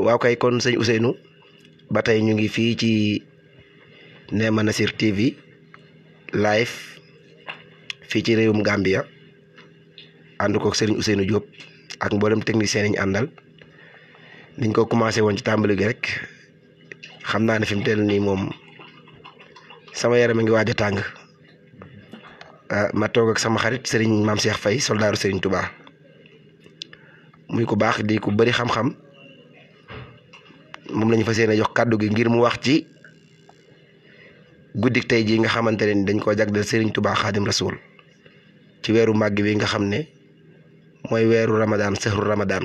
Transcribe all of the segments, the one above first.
waaw kay kon sëñ Ousseynou ba tey ñu ngi fii ci Nema Nazir TV live fii ci réewum Gambia ànd koog sëriñ Ousseynou Diop ak mboolem technicien yi ñu àndal niñ ko commencé woon ci tàmbali gi rek xam naa ne fi mu teel nii moom sama yaram a ngi waaj a tàng ah, ma toog ak sama xarit sëriñ Maam Cheikh fay soldaaru sëriñ Touba muy ku baax di ku xam-xam. mom lañu fas jox kaddu gi ngir mu wax ci guddik tay ji nga xamantene dañ ko jagal Serigne Touba khadim Rasul ci wéru màgg wi nga xam moy wéru Ramadan sëxru Ramadan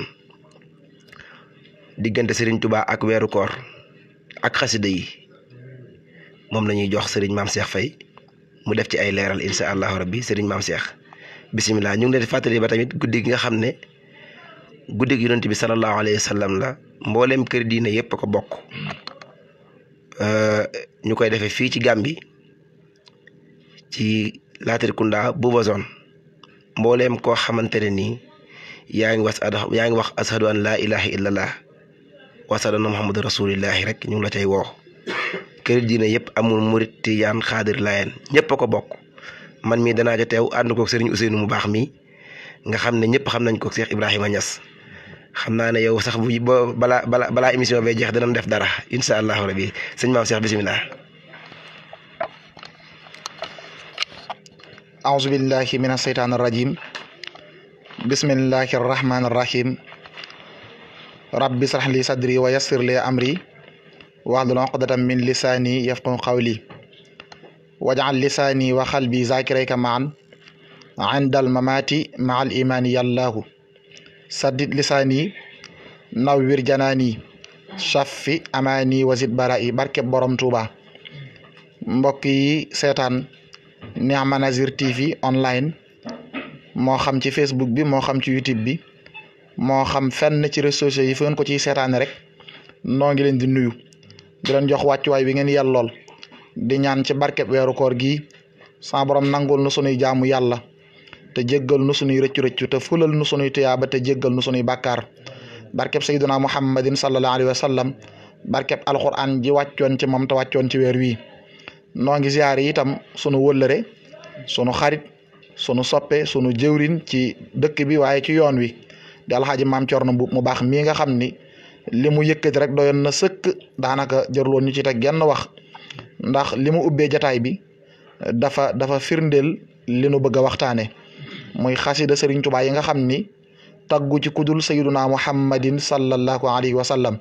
digënté Serigne Touba ak wéru koor ak xasida yi mom lañuy jox Serigne mam Cheikh fay mu def ci ay leral insha allah rabbi Serigne mam Cheikh bismillah ñu ngi leen fatali ba tamit guddik nga guddig yonenti bi sallallahu alayhi wasallam la mbollem keur diine yep ko bok euh ñukoy defé fi ci gambi ci Latrikunda Buuba zone mbooleem koo xamante ne nii was adah yaangi wax ashadu an la ilaha illallah wa sallallahu muhammadur Rasulillah. rek ñu la tay wo keur diine yep amul murit yaan khadir laayeen ñëpp a ko bok man mi dana ja tew and ko serigne Ousseynou mu bax mi nga xamne ñep xam nañ ko Cheikh Ibrahima Niass xam ne yow sax bu ba bala bala balaa émission bay jeex danañ def dara incha allahu rabi sëñ maam Cheikh bisimilah. أعوذ بالله من الشيطان الرجيم بسم الله الرحمن الرحيم رب اشرح لي صدري ويسر لي أمري واحلل عقدة من لساني يفقه قولي واجعل لساني وقلبي ذاكريك معا عند الممات مع الإيمان يا الله sadid lisani nawwir janani shaffi amani wazid bara'i barke borom tuba, mbok yi setan Nihma Nazir TV online mo xam ci Facebook bi mo xam ci YouTube bi mo xam fenn ci réseaux sociaux yi fenn ko ci setan rek no ngi len di nuyu di len jox way wi ngeen yallol di ñaan ci barke koor gi sa borom nangul na sunuy jaamu yalla te jéggal nu sunuy rëccu rëccu te fulal nu sunuy tuyaaba te jéggal nu sunuy bàkkaar barkeb sayyiduna muhammadin sallallahu alayhi wa sallam barkeb alquran ji wàccoon ci moom te wàccoon ci weer wii noo ngi ziyaare itam sunu wëllëre sunu xarit sunu soppe sunu jëwrin ci dëkk bi waaye ci yoon wi di alxaaji maam Cerno Mbuub mu baax mii nga xam ni li mu yëkkati rek doyoon na sëkk daanaka jëruloon ñu ci te genn wax ndax li mu ubbee jataay bi dafa dafa firndeel li nu bëgg a waxtaane muy xasida Serigne Touba yi nga xam ni taggu ci kudul sayyiduna muhammadin sallallahu alayhi wa sallam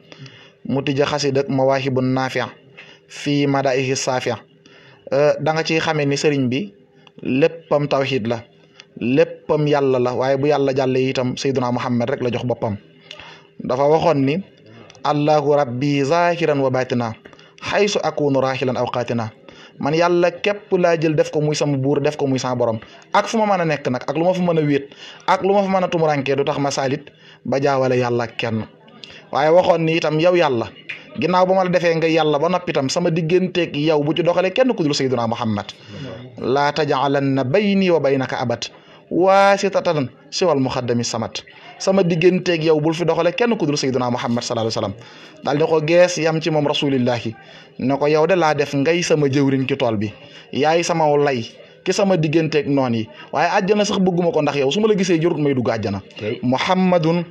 mu tija xasida ak mawaahibu naafiya fii madaihi saafiya da nga ciy xamee ni sëriñ bi léppam tawhid la léppam yàlla la waaye bu yàlla jàllee itam sayyiduna muhammad rek la jox boppam dafa waxoon ni allahu rabbi zahiran wa batina xaysu akunu rahilan awqatina man yàlla képp laa jël def ko muy sama buur def ko muy sama borom ak fu ma mën a nekk nag ak lu ma fa mën a wéet ak lu ma fa mën a du tax ma saalit ba jaawale yàlla ak kenn waaye waxoon ni itam yow yàlla ginnaaw ba ma la defee nga yàlla ba noppi sama digganteeg yow bu ci doxalee kenn ku dul sayyiduna muhammad mm-hmm. laa tajaalanna bayni wa baynaka abad waasitatan ci wal mukhaddami samat sama ak yow bul fi doxale kenn ku dul sayyidina muhammad sallallahu alayhi wasallam dal di ko gees yam ci mom rasulillah nako yow de la def ngay sama jeewrin ci tol bi yaay sama lay ki sama digganteeg ak noni waye aljana sax bëgguma ko ndax yow suma la gisee jurut may dugg àjjana muhammadun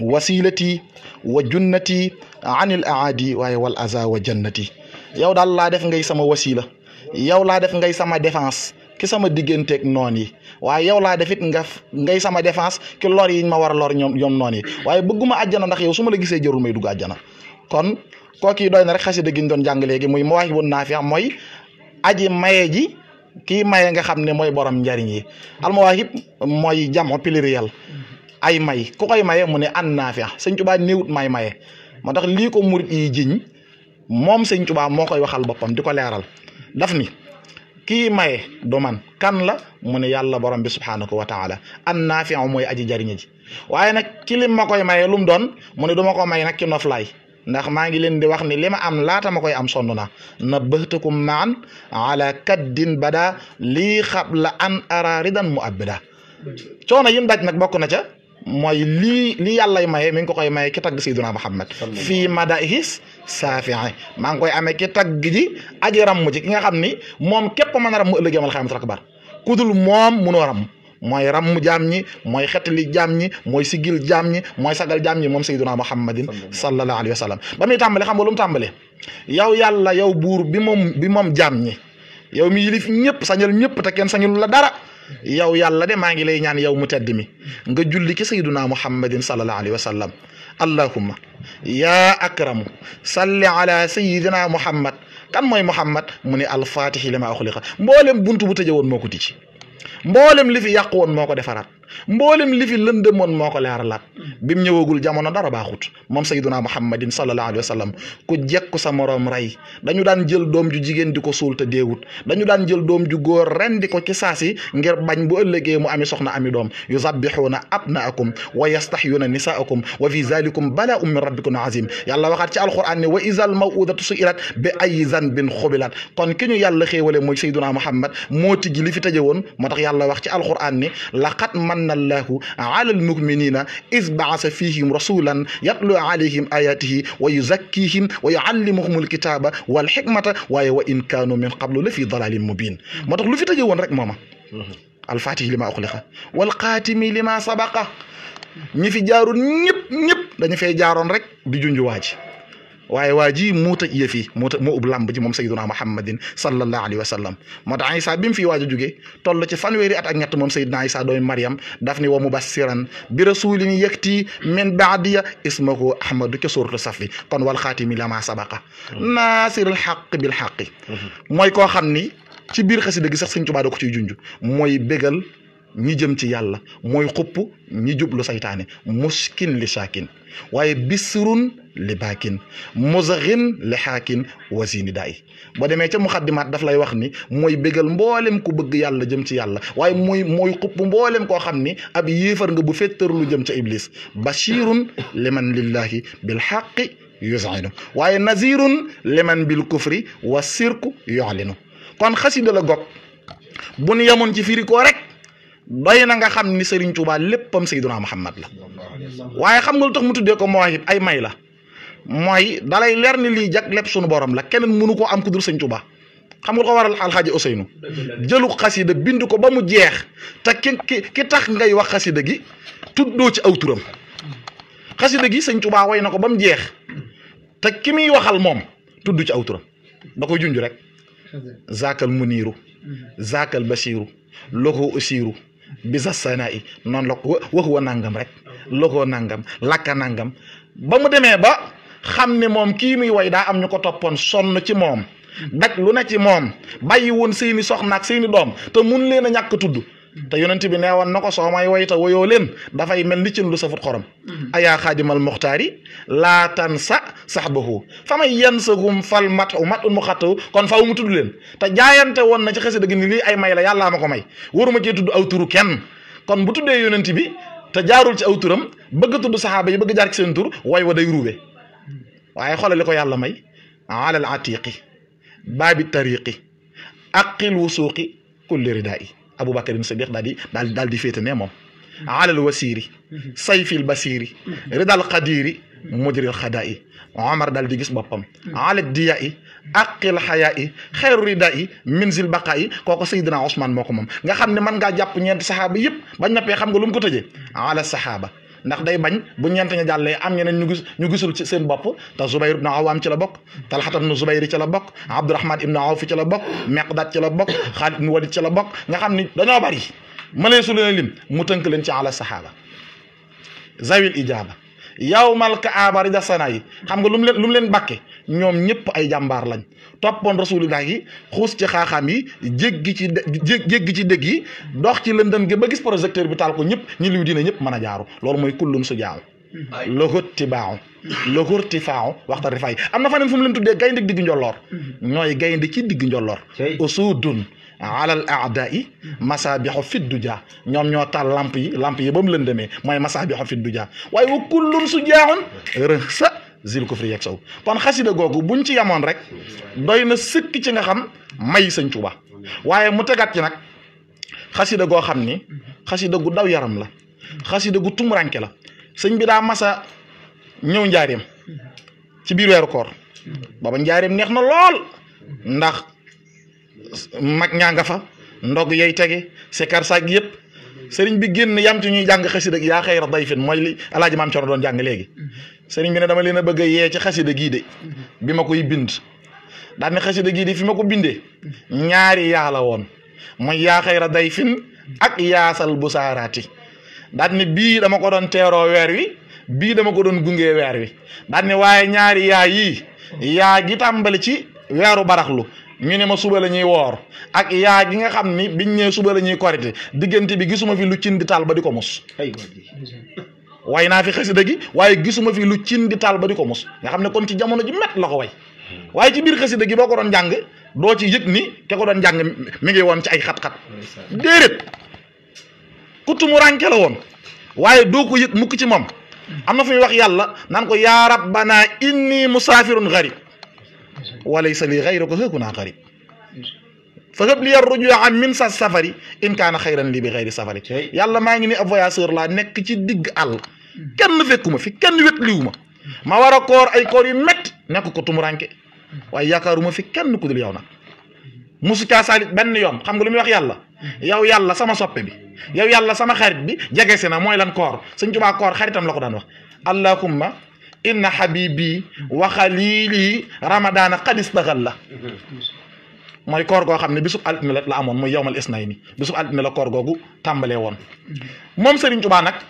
wasilati wa jannati an al aadi waaye wal aza wa jannati yow dal la def ngay sama wasila yow la def ngay sama défense ki sama digganteek noon yi waaye yow laa defit nga ngay sama défense ki lor yi ma war a lor ñoom ñoom noon yi waaye bëgguma àjjana ndax yow su ma la gisee jërul may dugg àjjana kon kooki doy na rek xasida gi ñu doon jàng léegi muy Mawâhibou Nâfi'a mooy aji maye ji kii maye nga xam ne mooy borom njariñ yi almawahib mooy jamo pluriel ay may ku koy maye mu ne an naafiya sëñ Tuubaa néewut may maye moo tax lii ko murit yi jiñ moom sëñ Tuubaa moo koy waxal boppam di ko leeral daf ni kii maye du man kan la mu ne yàlla borom bi subhaanahu wa taala an naafiu mooy aji jariñe ji waaye nag ci ma koy maye lu mu doon mu ne du ma ko may nag ci ndax maa ngi leen di wax ni li ma am laata ma koy am sonn naa nabbahtukum maan ala kaddin bada lii xabla an araridan mu abbida coono yim daj nag bokk na ca moy li li yalla maye mi ngi ko koy maye ki tag sayyiduna Muhammad Fi madahis saafii maa ngi koy amé ki tag ji ajram mu ci ki nga xamni mom kep man ram mu ramm ëllëg yamal xaamatul ram xetali ñi sigil jamni, ñi sagal jamni ñi moom Muhammadin sallallahu alaihi wasallam. bamuy ba xam nga lu mu tàmbale yaw yàlla yow buur bi mom bi mom jaam ñi mi yilif ñepp sañal ñepp ta ken sañul la dara yow yàlla de maa ngi lay ñaan yow mu mi nga julli ci sayyiduna muhammadin sallallahu alayhi wa sallam allahumma yaa akramu salli ala sayyidina muhammad kan mooy muhammad mu ne alfaatihi lima uxliqa mboolem buntu bu tëjee woon moo ko tijji mboolem li fi yàq woon moo ko defaraat mboolem li fi lëndëm moon moo ko bim ñewogul jamono dara baxut mom sayyiduna muhammadin sallallahu alaihi wasallam ku jekku sa morom ray dañu daan jël dom ju jigen diko ko te deewut dañu daan jël dom ju góor ren di ko ci sasi ngir bañ bu ëllegé mu ami soxna ami dom yuzabbihuna abnaakum wa yastahyuna nisaakum wa fi zalikum bala'un min rabbikum azim yàlla waxat ci alquran ni wa izal mawudatu suilat bi ay zanbin khubilat kon kiñu yàlla xewale moy sayyiduna muhammad mo tigi li fi tejewon motax yàlla wax ci alquran ni laqad man أن الله على المؤمنين إذ بعث فيهم رسولا يتلو عليهم آياته ويزكيهم ويعلمهم الكتاب والحكمة وإن كانوا من قبل لفي ضلال مبين ما تقول في تجوان رك ماما الفاتح لما أخلقه والقاتم لما سبقه ني في جارو نيب نيب داني في جارون رك دي جونجو واجي waaye waa ji moo tëj ub làmb moom sayyiduna muhammadin sallallahu alayhi wa sallam moo tax Isa bi mu fi waaj a jóge toll ci fanweeri at ak ñett moom sayyiduna Isa doomi Maryam daf ni wa mubassiran bi rasulin yakti min baadiya ismahu ahmadu ca suratu safi kon wal xaatimi lama sabaqa naasiril xaq bil xaqi mhm. mooy koo xam ci biir xasida gi sax sëñ Tuubaa da ko ciy ñi jëm ci yàlla moy xop ñi jublu saytane muskin li shakin waye bisrun li bakin muzghin li hakin wazin dai bo deme ci muxaddimaat daf lay wax ni moy bégal mboolem ku bëgg yàlla jëm ci yàlla waye moy moy xop mboolem ko xamni ab yéfer nga bu féttër lu jëm ci iblis bashirun liman lillahi bil haqq yusinu waye nazirun liman bil kufri wasirku yu'linu kon xasida la gog bu nu ci firi ko rek doy na nga xam ni Serigne Touba léppam Seydunaa Muhammad la waaye xam nga lu tax mu tuddee ko mawahib ay may la mooy dalay leer ni lii jag lépp sunu borom la keneen mënu ko am ku sañ Sëñ Touba xam nga ko waral alxaaji Ousseynou jëlu xasida bind ko ba mu jeex te ki ki tax ngay wax xasida gi tuddoo ci aw turam xasida gi Sëñ Touba way na ko ba mu jeex te ki muy waxal moom tudd ci aw turam da koy junj rek. zaakal muniiru mm-hmm. zaakal basiiru ko usiiru bi sa sanaa'i noonu la ko waxuwa nangam rek loxoo nangam lakka nangam ba mu demee ba xam ne moom kii muy way daa am ñu ko toppoon sonn ci moom daj lu ne ci moom bàyyi woon seeni soxna seeni doom te mun leen a ñàkk tudd te yonent bi nee woon na ko soo may woyta woyoo leen dafay mel ni cin lu safut xorom mm-hmm. ayaa xaadimal muxtaari laa sax sa saxbahu fa may yansahum fal matu matu mu xattawu kon faw mu tudd leen te jaayante woon na ci xasida gi ni lii ay may la yàllaa ma ko may waruma cee tudd aw turu kenn kon bu tuddee yonent bi te jaarul ci aw turam bëgg tudd saxaaba yi bëgg jaar ci seen tur way wa day ruube mm-hmm. waaye xoolal ko yàlla may alal atiqi baabi tariqi aqil wusuuqi kulli yi Aboubacar Siddiq daal di daal daal di féete ne moom. alal wasiiri. sayfil basiiri. ridal qadiiri. mujril xadaa i omar daal di gis boppam ala diya i aqil i xeeru rida i minzil baqa yi kooku saydina ousmane moo ko moom nga xam ne man ngaa jàpp ñeenti saxaaba yëpp bañ nappee xam ga lu mu ko tëjee ala saxaaba ndax day bañ bu ñeent ña jàllee am ñeneen ñu gis ñu gisul ci seen bopp te Zubayr ibnu Awaam ci la bokk ta ibnu Zubayr ci la bokk Abdurahman ibnu Awf ci la bokk Meqdaat ci la bokk Xaalid ibnu Walid ci la bokk nga xam ni dañoo bari mënee su leen lim mu tënk leen ci ala saxaaba zawil ijaaba yawmal kaaba rida sana yi xam nga lu mu leen lu mu leen bàkke ñoom ñëpp ay jàmbaar lañ toppoon rasulillah yi xuus ci xaaxaam yi jéggi ci jéggi ci dëgg yi dox ci lëndëm gi ba gis projecteur bi taal ko ñëpp ñi liw diine ñëpp mën a jaaru loolu mooy kullum su jaaw logot ti baaw logot ti faaw waxta rifay am na faneen fu mu leen tuddee gaynde digg njolloor mm-hmm. ñooy gaynde ci digg njolloor usudun alal adai, masabihu fi duja ñom ñoo taal lamp yi lamp yi bam leen lëndëmee moy masabihu fi duja way wa kullun sujahun rahsa zil kufri yak saw kon khasida gogu buñ ci yamon rek doyna sekk ci nga xam may señ tuba waye mu tegat ci nak khasida go xamni khasida gu daw yaram la khasida gu ranke la señ bi da masa ñew ndiarim ci bir wer koor baba ndiarim neex na lol ndax mag ñaa nga fa ndog yay tege sikar saak yëpp sëriñ bi génn yam ci ñuy jàng xasida gi yaa xayra dayfin mooy li alaaji maam Cerno doon jàng léegi sëriñ bi ne dama leen a bëgg a yee ci xasida gii de bi ma koy bind daan ne xasida gii de fi ma ko bindee ñaari yaa la woon mooy yaa xayra dayfin ak yaasal bu saaraati daan ne bii dama ko doon teeroo weer wi bii dama ko doon gunge weer wi daan ne waaye ñaari yaa yii yaa gi tàmbali ci weeru baraxlu ñu ne ma suba la ñuy woor ak yaa gi nga xam ni biñ ne suba la ñuy korite diggante bi gisuma fi lu cin di taal ba di ko mos way naa fi xasida gi waaye gisuma fi lu cin di taal ba di ko mos nga xam ne kon ci jamono ji met la ko way waaye ci biir xasida gi boo ko doon jàng doo ci yëg ni ke ko doon jàng mi ngi woon ci ay xat-xat déedéet ku tumurànke la woon waaye doo ko yëg mukk ci moom am na fu muy wax yàlla naan ko ba rabbana inni musaafirun gharib وليس لغيرك هكنا قريب فقبل يرجع عن من سفر إن كان خيرا لي بغير سفر يلا ما يجي أبو ياسر لا نك تدق ال كن فيكم في كن يتلوما ما ورا كور أي كور يمت نك كتوم رانك وياك روما في كن نكود ليونا موسيقى سالي بن يوم خم قولي ميوخ يلا ياو يلا سما صبي بي ياو يلا سما خارج بي جاكسنا مويلان كور سنجوبا كور خارج تم لقدان وح اللهم inna habibi wa Khalili ramadan qad istaghalla moy koor go xamne bisub al altine la amone moy yawmal isnaini bisub altine la koor gogu tambale won mom Serigne Touba nak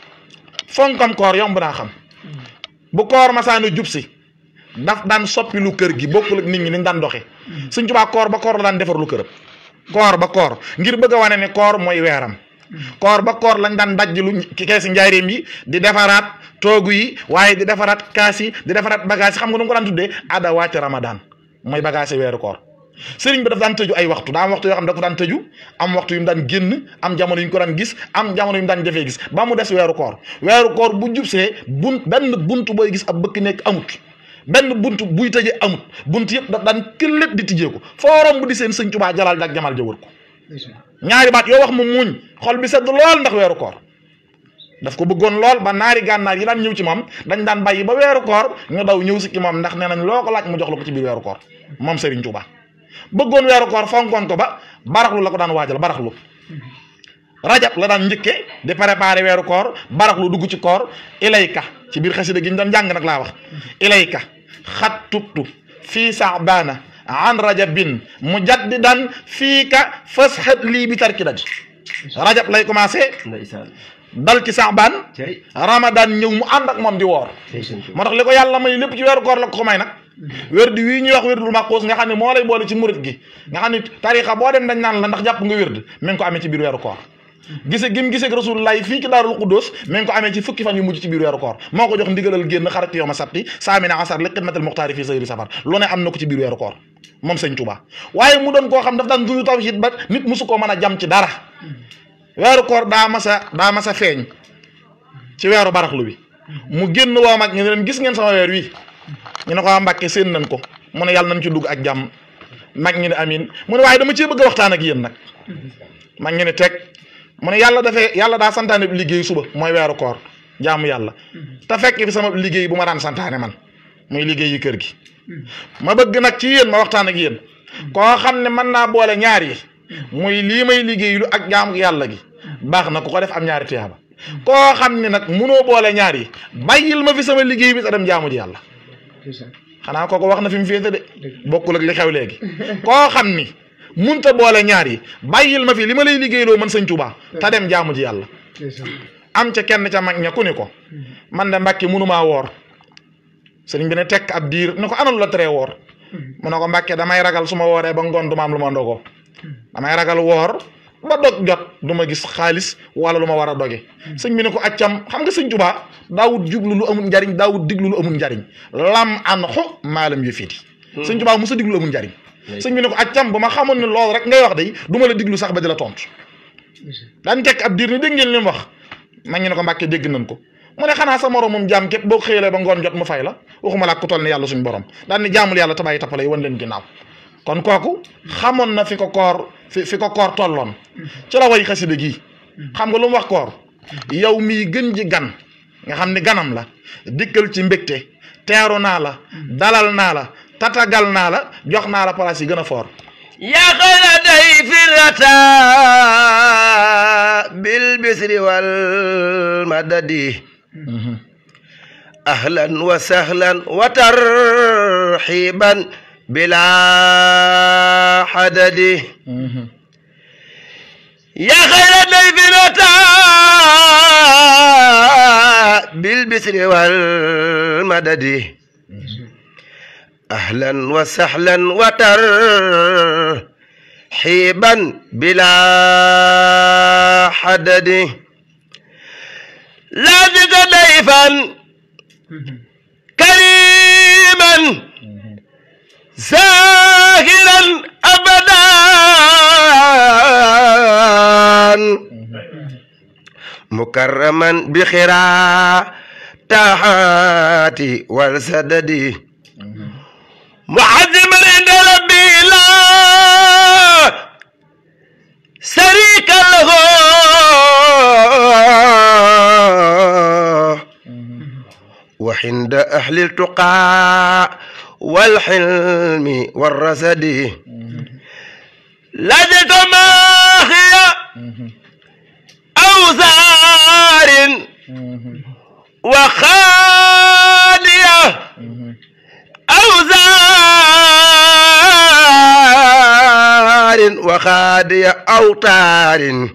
fonkam koor yomb na xam bu koor masaanu jub si daf dan soppi lu keur gi bokkul ak nit ñi niñ daan Serigne Touba koor ba koor la defar lu keur koor ba koor ngir bëgg wané ni ne koor mooy weeram koor ba koor lañ daan dajj lu keesi njaareem yi di defarat. Togu, yi waye di defarat kasi di defarat bagage xam nga dum ko dan ada wati ramadan moy bagage weeru koor serigne bi daf dan waktu, ay waxtu da am waxtu yo xam dafa am waxtu yu dan genn am jamono yu ko dan gis am jamono yu dan daan gis ba mu dess weeru koor weeru koor bu bunt buntu boy gis ab bëkk nek amut ben buntu buy teje amut buntu yep daf dan këllépp di tijjeeku forum bu di sen serigne touba jalal dak jamal jeewur ko ñaari baat yo wax mu muñ xol bi sedd lol ndax koor daf ko bëggoon lool ba naari gannaar yi daan ñew ci mom dañ daan bayyi ba weeru koor ñu daw ñew lo ci mom ndax nenañ loko laaj mu jox lako ci bi weeru koor mom Serigne Touba bëggoon weeru koor fonkon ko ba baraxlu lako daan waajal baraxlu rajab la daan ñëkke di préparer weeru koor baraxlu dugg ci koor ilayka ci bir xasida giñ ñu jang nak la wax ilayka xat fi sa'bana an rajabin mujaddidan fika ka li bi tarkidaj rajab lay commencé dal ci saabaan ramadan ñew mu and ak mom di wor mo tax liko yalla may lepp ci weeru koor la ko may nak nag di wi ñuy wax wérdul maqoos nga xamni mo lay bolé ci mourid gi nga xamni ne bo dem dañ nan la ndax japp nga wérd meng ko amé ci bir weeru koor gisé gim gisé ak rasulullahi fii ci darul qudus meng ko amé ci fukki fan yu mujj ci bir weeru koor moko jox ndigalal genn xarit yow ma sabti samina asar liqmatul muqtari fi sayri safar lu ne amna ko ci bir weeru koor mom seigne touba waye mu don ko xam dafa dan duñu tawhid ba nit musuko meuna jam ci dara wéru koor sa masa ma masa feñ ci wéru baraxlu bi mu genn wo mak ñu leen gis ngeen sama weer wi ñu nako ko waa seen nañ ko mu ne yalla nañ ci dugg ak jam mag ñi ni amin mu ne way dama ci bëgg waxtaan ak yeen tek, mag ñi ni tek mu ne yàlla dafee yàlla daa santaane liggéey suba moy wéru koor jaamu yalla ta fekk fi sama liggéey bu ma daan santane man moy liggéey yi kër gi ma bëgg nak ci yeen ma waxtaan ak yeen ko xamne ne na boole ñaar yi moy li may liggéeylu ak jaamu yalla gi baax na ku ko def am ñaari tiyaba ko xamni nak muno boole ñaar yi ma fi sama liggéey bi sa dem jaamu yalla xana xanaa kooku wax na fi mu de bokul ak li xew legi ko xamni munta boole ñaar yi bayil ma fi lima ma lay liggéeyloo man señ touba ta dem jaamu ji yalla am ca kenn ca mag ña ni ko mm-hmm. man de munu munumaa wor señ bi ne tek ab nako anal la tere wor munako mm-hmm. mbacke damay ragal suma woré ba am luma ndogo damay ragal wor ma dog jot duma gis khalis wala luma wara war doge seug mi ne ko accam xam nga sëñ Tuubaa daawut lu amul njariñ daawut diglu lu amul njariñ lam an malam yufidi. yu fiiti hmm. sëñ Tuubaa musa diglu lu amul njariñ sëñ bi ne ko accam buma xamone lool rek ngay wax day duma la diglu sax ba dila la tontu daan tekk ab dir ni dégg ngeen li wax ma ngi ne ko mbacke dégg nan ko ne sa morom mum jam kep bo ba ngon jot mu fay la waxuma la ko suñu borom dan ni jamul yalla tabay tapalay won len ginaaw kon koku xamoon na fi ko koor fi ko koor tolloon ci la way xasida gi xam nga lu mu wax koor yow mii gën ji gan nga xam ni ganam la dikkal ci mbégte teeru naa la dalal naa la tatagal naa la jox naa la palaas yi gën a foor yaa xayra day firata bil bisri wal madadi mhm. ahlan wa sahlan wa tarxiban بلا حدد يا خير بنتا بالبسر والمدد أهلا وسهلا وتر حيبا بلا حدد لا ضيفا كريما زاهرا أبدا مكرما بخرا تحاتي والسددي معظما عند ربي لا شريك له وحند أهل التقى والحلم والرسد لجت ما هي أوزار وخالية أوزار وخالية أوتار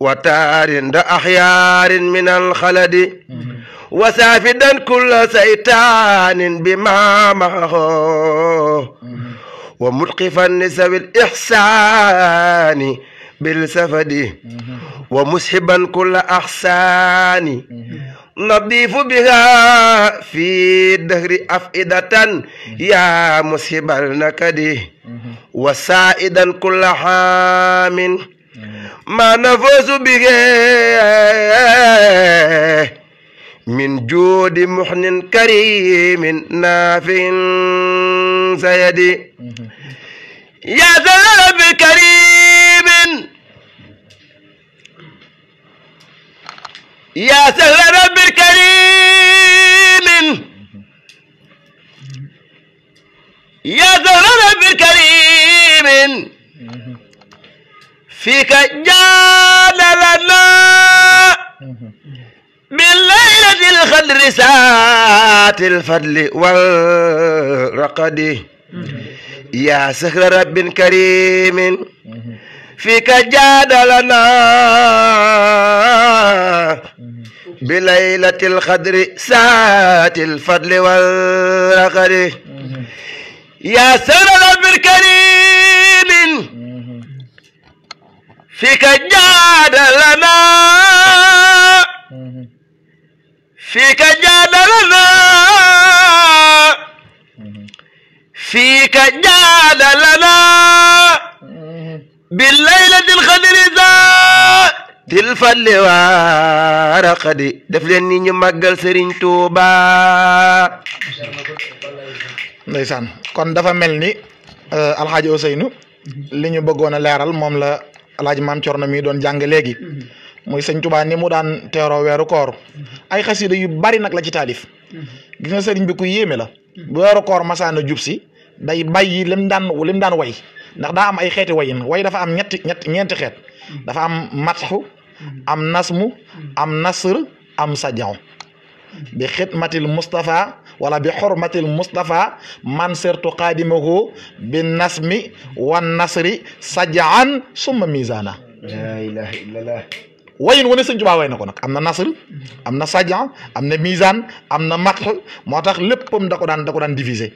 وتار أحيار من الخلد وسافدا كل سيطان بما معه وملقفا لسوي الإحسان بالسفد ومسحبا كل أحسان نضيف بها في الدهر أفئدة يا مسحب النكد وسائدا كل حام ما نفوز به من جود محن كريم نافع سيدي يا ذنب كريم يا سهل رب الكريم يا سهل رب الكريم فيك جال لنا ليلة الخدر سات الفضل والرقد يا سخر رب كريم فيك جادلنا بليلة الخدر سات الفضل والرقد يا سخر رب كريم فيك جادلنا فيك جادلنا فيك جادلنا بالليلة الخضر ذا til وارقدي دفلني xadi def leen ni ñu kon dafa mel ni eh, alxaaji Ousseynou mm-hmm. li ñu bëggoon a la alxaaji moy sëñ touba ni mu dan tero wéru koor ay xasida yu bari nak la ci talif gis nga sëriñ bi ku yéme la bu wéru koor masaana jub si day bàyyi lim daan lim dan way ndax da am ay xéti wayin way dafa am ñet ñetti ñeenti xeet dafa am mathu am nasmu am nasr am sajan bi khidmatil mustafa wala bi hurmatil mustafa man sirtu qaadimahu bin nasmi wan nasri sajan summa mizana لا اله الا الله wayin wane sëñ Tuubaa way na ko nag am na nasr am na sadian am na misaan am na mat moo tax léppam da ko daan da ko daan diviser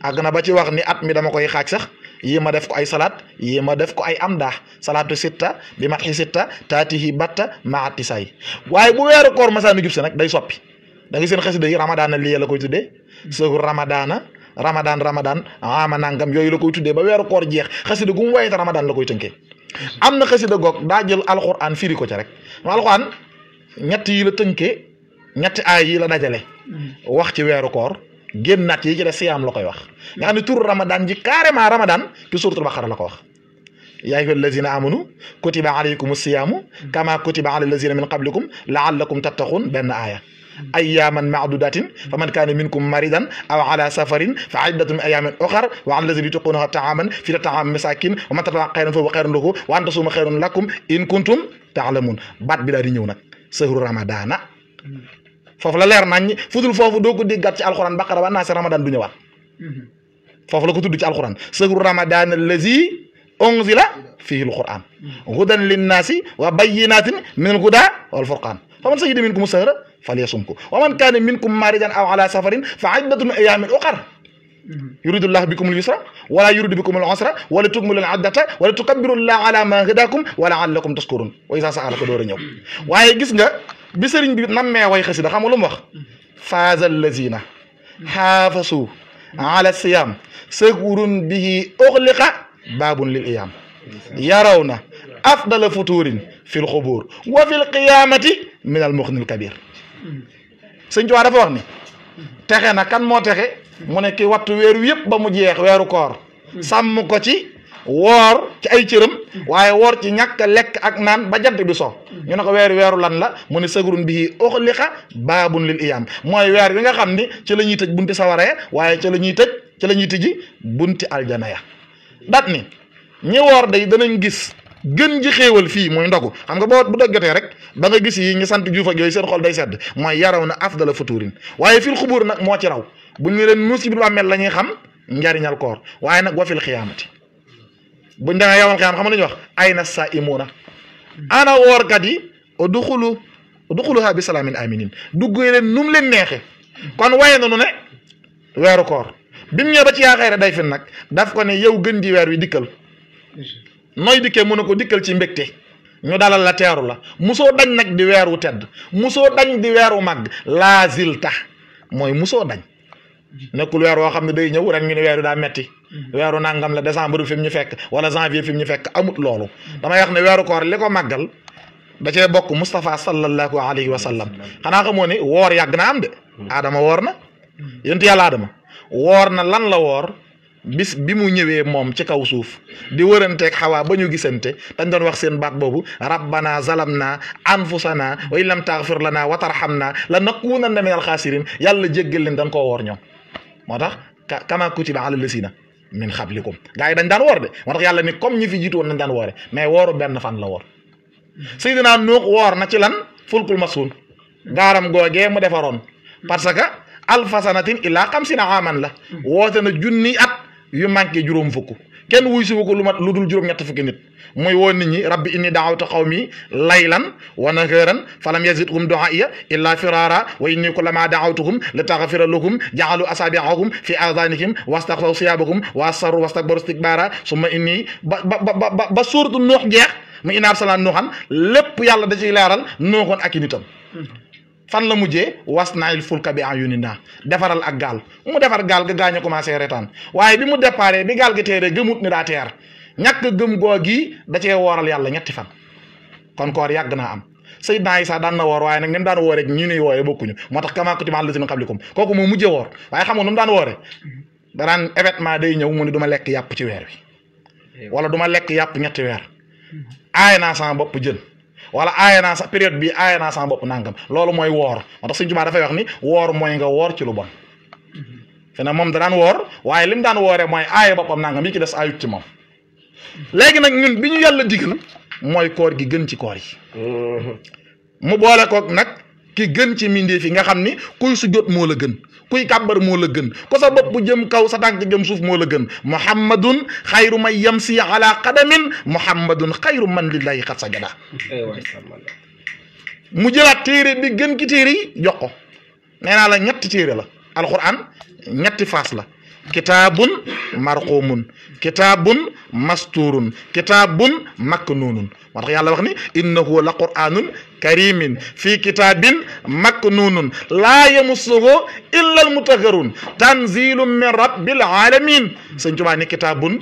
àgg na ba ci wax ni at mi dama koy xaaj sax yii ma def ko ay salaat yii ma def ko ay am daax salaatu sitta bi mat xi sitta taatihi batta maati say waaye bu weeru koor masaanu jub si nag day soppi da seen xasida yi ramadaana lii la koy tuddee sëhu ramadaana ramadan ramadan ama nangam yooyu la koy tuddee ba weeru koor jeex xasida gu mu wayete ramadan la koy tënkee am na xasida goog daa jël alxuraan firi ko ca rek alxuraan ñett yi la tënkee ñetti aay yi la dajale wax ci weeru koor génnaat yi ci def siyaam la koy wax nga xam ne tur ramadan ji carrément ramadan ci suuratul baqara la ko wax yaa ayyuha allazina amanu kutiba alaykum siyaamu kama kutiba ala allazina min qablikum laallakum tattaqun benn aaya أياما معدودات فمن كان منكم مريضا أو على سفر فعدة من أيام أخر وعلى الذين يطيقونها طعاما في طعام مساكين ومن تطوع خيرا فهو خير له وأن تصوموا خير لكم إن كنتم تعلمون baat bi daal di ñëw nag sëhru ramadaana foofu la leer nañ fudul foofu doo ko déggaat ci alxuraan baqara ba naa si ramadan du ñëwaat foofu la ko tudd ci alxuraan sëhru ramadaana lazi unzila fihi alquran hudan linnaasi wa bayyinatin min alhuda walfurqaan fa man sayida minkum sahra فليصمكوا ومن كان منكم ماردا او على سفر فعده من ايام اخر يريد الله بكم اليسر ولا يريد بكم العسر ولا تكملوا العده ولا تكبروا الله على ما هداكم ولعلكم تشكرون واذا سالك دور نيو واي غيسغا بي سيرن بي نامي واي خسي دا خمو لوم واخ فاز الذين حافظوا على الصيام سكور به اغلق باب للايام يرون افضل فطور في القبور وفي القيامه من المخن الكبير sëñ Tuubaa dafa wax ni texe na kan moo texe mu ne ki wattu weer wi yëpp ba mu jeex weeru koor sàmm ko ci woor ci ay cëram waaye woor ci ñàkk lekk ak naan ba jant bi so ñu ne ko weer weeru lan la mu ne bi bii uxliqa baabun lil iyaam mooy weer wi nga xam ni ci la ñuy tëj bunti sawaree waaye ci la ñuy tëj ci lañuy ñuy tëji bunti aljana ya dat ni ñi woor day danañ gis gën ji xéewal fii mooy ndogu xam nga boo bu doggatee rek ba nga gis yi ñu sant juuf ak seen xol day sedd mooy yaraw na afdala futurin waaye fil xubuur nag moo ci raw bu ñu leen muus bàmmeel la ñuy xam njariñal koor waaye nag wafil xiyaamati buñ demee yowal xiyaam xam nga lu ñuy wax ay na sa imuna ana woorkat yi duxulu duxuluha bi salaamin aminin duggee leen nu mu leen neexe kon waaye na nu ne weeru koor bi mu ñëw ba ci yaaxeere day fin nag daf ko ne yow gën ji weer wi dikkal nooy dikkee mu ne ko dikkal ci mbégte ñu dalal la teeru la musoo dañ nag di weeru tedd musoo dañ di weeru màgg laasil tax mooy musoo dañ nekkul weer woo xam ne day ñëw ren ñu ne weeru daa metti weeru nangam la décembre fi ñu fekk wala janvier fi mu ñu fekk amut loolu damay wax ne weeru koor li ko màggal da cee bokk Moustapha sallallahu alayhi wa sallam xanaa xamoo ne woor yàgg na am de. Adama woor na. yonent yàlla Adama woor na lan la woor. bis bi mu ñëwee moom ci kaw suuf di wëranteeg xawaa ba ñu gisante dañ doon wax seen baat boobu rabbana zalamna anfusana wa in lam taghfir lana wa tarhamna la nakunanna min alxaasirin yàlla jéggal leen dañ koo woor ñoom moo tax kama kutiba ala lasina min xablikum gaa yi dañ daan woor de moo tax yàlla ni comme ñi fi jiitu woon dañ daan woore mais wooru benn fan la woor Seydina Nuux woor na ci lan fulkul masuun gaaram googee mu defaroon parce que alfa sanatin illaa xamsina aman la woote na junni at yu manke juróom fuk ken wuy siwu ko lu mat ludul dul juróom-ñett fukki nit moy wo nit ñi rabbi inni da'awtu qawmi laylan wa nahaaran falam yazidhum du'a'iya illa firara wa inni kullama daawtuhum litaghfir lahum ja'alu asabi'ahum fi adhanihim wastaghfaru siyabahum wasarru wastakbaru istikbara summa inni ba ba nuh jeex mu inna salan nuhan lépp yàlla da ci leral nuuxoon ak nitam fan la mujjé was naayil fulka bi ayunina defaral ak gal mu defar gal ga gañu commencé retaan waye bi mu déparé bi gal ga téré gëmut ni da teer ñak gëm gogi da ci woral yalla ñetti fan kon koor yag na am Seydina Isa daan na wor waye nak nim mu daan wooree ak ñi nuy woyé bokku ñu motax kama kutiba alal qablikum koku mo mujjé wor waye xam nga nu mu daan da ran événement day ñew mu ni duma lek yap ci weer wi wala duma lek yap ñetti weer ayna sama bop jën wala aaya sa sax période bi aaya naa sama bopp nangam lolu moy wor motax seigne juma jumaa dafay wax ni wor moy nga wor ci lu bon fena mom da nan wor waye lim dan woré moy aaya bopam nangam yi ci dess ayut ci mom légui nak ñun biñu yalla yàlla digal koor gi gën ci koor yi mm-hmm. mu boole ko nak ki gën ci mindee fi nga xamni kuy su jot la gën kuy kàbbar moo la gën ko sa jëm kaw sa tànk jëm suuf moo la gën muhammadun xayru man yamsi ala qadamin muhammadun xayru man lillahi xat sajada mu jëlaat téere bi gën ki téere yi jox ko naa la ñetti téere la alquran ñetti faas la kitaabun marquumun kitaabun mastuurun kitaabun maknuunun moo tax yàlla wax ni innahu la qur'aanun karimin fii kitaabin maknuunun laa yamassuhu illa almutahharuun tanzilum min rabbil alamin sëñ Tuubaa ni kitaabun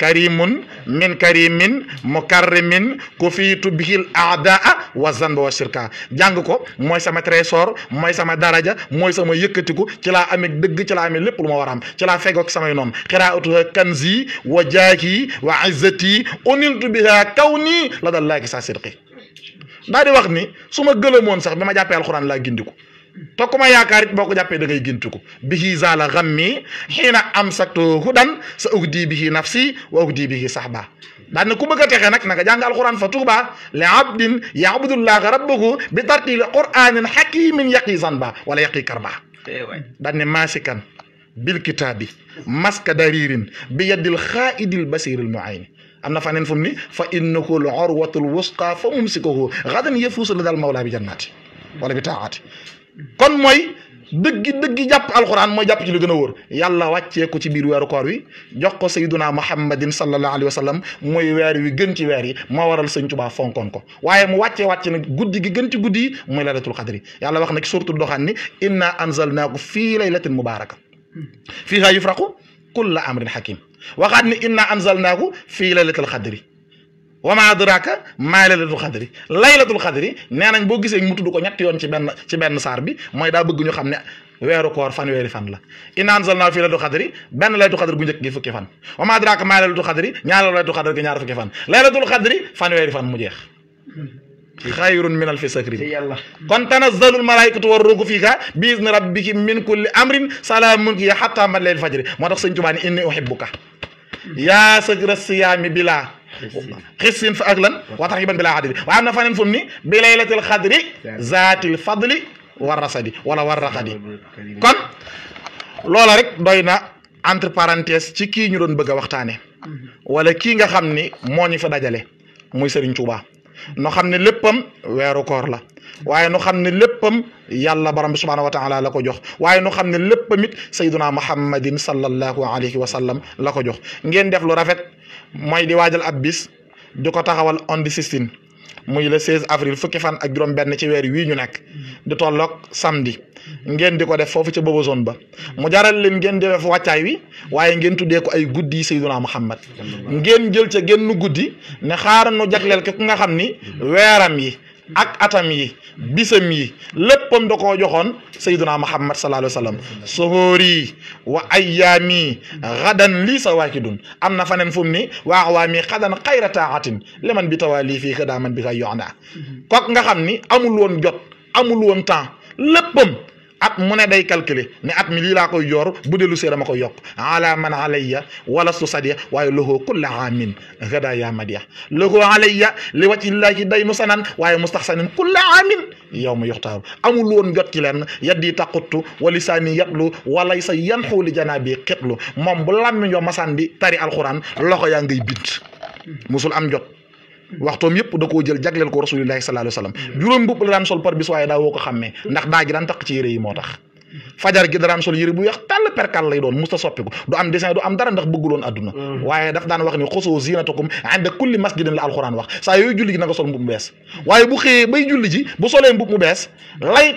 karimun min karimin mukarrimin kufiitu bihil aadaa wa zanba wa shirka jàng ko mooy sama trésor mooy sama daraja mooy sama yëkkatiku ci laa amee dëgg ci la amee lépp lu ma war a am ci laa fegoog samay noonu xiraatuha kanzi wa jaahi wa izzati uniltu biha kawni la dal laaki sa sidqi daa wax ni su ma gëlëmoon sax bi ma jàppee alxuraan laa gindiku tokuma yakari boko jappe da ngay gintuku bihi zala ghammi hina amsaktu hudan sa ugdi bihi nafsi wa ugdi bihi sahba dan ku beug taxe nak nag na nga jàng alquran fa tuuba li abdin llaha rabbuhu bi tartili quranin hakimin yaqi zanba wala yaqi karba dan ne masikan bil kitabi maska daririn bi yadil khaidil basiril muayni am na faneen fu mu ni fa innahu l urwatul wusqa fa mumsikuhu gadan mawla bi wala bi kon moy deug deug jàpp alquran moy jàpp ci li gëna wër yàlla waccé ko ci bir wër koor wi jox ko sayyiduna muhammadin sallallahu alayhi wasallam moy wër wi gën ci wër yi ma waral sëñ tubaa fonkon ko waye mu waccé wacc na guddi gi gën ci guddi moy mooy laylatul qadri yàlla wax na ci surtout doxaan ni inna anzalnaaku fi laylatin mubarakah fiha yufraqu kullu amrin hakim waxaat ni inna anzalnaaku fi laylatil qadr وما دراك ما ليلة القدر ليلة القدر نانا بو غيسه مو تودو كو نيات يون سي بن سي بن سار بي موي دا بغي نيو خامني ويرو كور فان ويري فان لا ان انزلنا في ليلة القدر بن ليلة القدر بو نك دي فكي فان وما دراك ما ليلة القدر نيار ليلة القدر نيار فكي فان ليلة القدر فان ويري فان خير من الف سكر يا تنزل الملائكه والروح فيك باذن ربك من كل امر سلام حتى ما الليل الفجر ما تخ سنجوباني اني احبك يا سكر الصيام بلا خسين في أغلن وتركيبا بلا عدل وعنا فنن فمني بليلة الخدري ذات الفضل والرصدي ولا والرقدي كن لولا رك بينا أنت بارانتيس تكي نيرون بغا وقتاني ولا كيغا خمني موني في دجالي موي سيرين توبا نو خمني لبم ويرو كور لا waye nu xamni leppam yalla borom subhanahu wa ta'ala lako jox waye nu xamni leppamit sayyidina muhammadin sallallahu alayhi wa sallam lako jox ngeen def lu rafet mooy di waajal ab bis di ko taxawal on the 16 muy le 16 avril fukki fan ak juróom-benn ci weer wii ñu nekk di tolloog samedi ngeen di ko def foofu ca boobu zone ba mu jaral leen ngeen di def wàccaay wi waaye ngeen tuddee ko ay guddi yi Seydina Muhammad ngeen jël ca génn guddi ne xaaral nu jagleel ke ku nga xam ni weeram yi. ak atam yi bisam yi léppam da koo joxoon sayyiduna muhammad sallallahu alayhi wa sallam sohoori wa ayyaami xadan lii sa waakidun am na faneen fu mu ni waa awaami xadan xayra taaxatin liman bi tawali fii ka daa man bi kay yoxnaa mhm. kok nga xam ni amul woon jot amul woon temps léppam at mu ne day calculer ne at mi lii laa koy yor bu dee lu see ma koy yokk ala man alayya wala su sadiya waaye lahu kulla amin gada ya madiya lahu alayya li wajhillahi daynu sanan waaye mustaxsanin kulla amin yow ma yoxtaaru amul woon jot ci lenn yaddi taquttu wa lisaani yatlu walay sa yanxu li janaabi xitlu moom bu lammiñ yo masaan bi tari alquran loxo yaa ngay bind musul am jot waxtoom yëpp da koo jël jagleel ko rasulillahi sallallahu alayhi wa sallam mm-hmm. juróom mbubb la daan sol par bis waaye daa woo ko xàmmee mm-hmm. ndax daa ji daan taq ci yére yi moo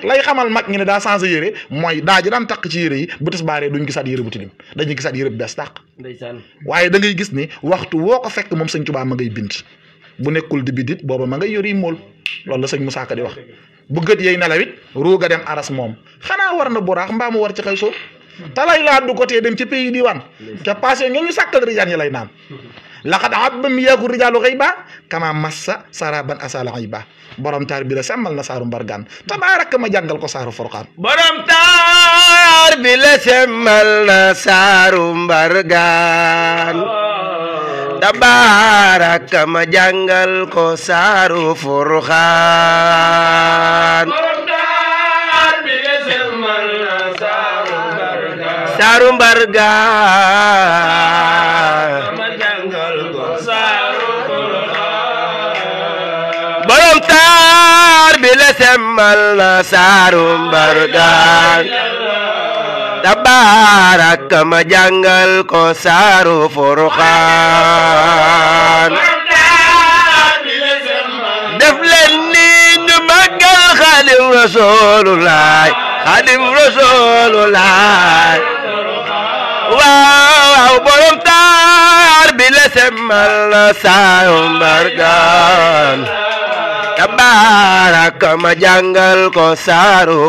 lay xamal mag ne daa changé yére mooy daa ji daan taq ci yére yi bu tis baaree duñ gisaat yére bu da ngay gis ni waxtu woo ko fekk moom sëñ Tuubaa a ngay bind bu nekkul di bidit booba ma nga yori mol lolou la sëñ Musaa Ka di wax bu ru ga dem aras mom xana warna na buraax mbaa mu war ci xeyso soo talay la du côté dem ci pays diwaan ca passé ñu ñu sakal riyan yi lay naan laqad abba miyaaku rijalu ghaiba kama massa saraban asala ghaiba borom tar bi la semmal nasaru bargan tabarak ma jangal ko saru furqan borom tar bi la nasaru bargan tabaraka ma jàngal ko saaru furxaan saaru mbarga borom tabaraka ma ko saaru ma jàngal ko saaru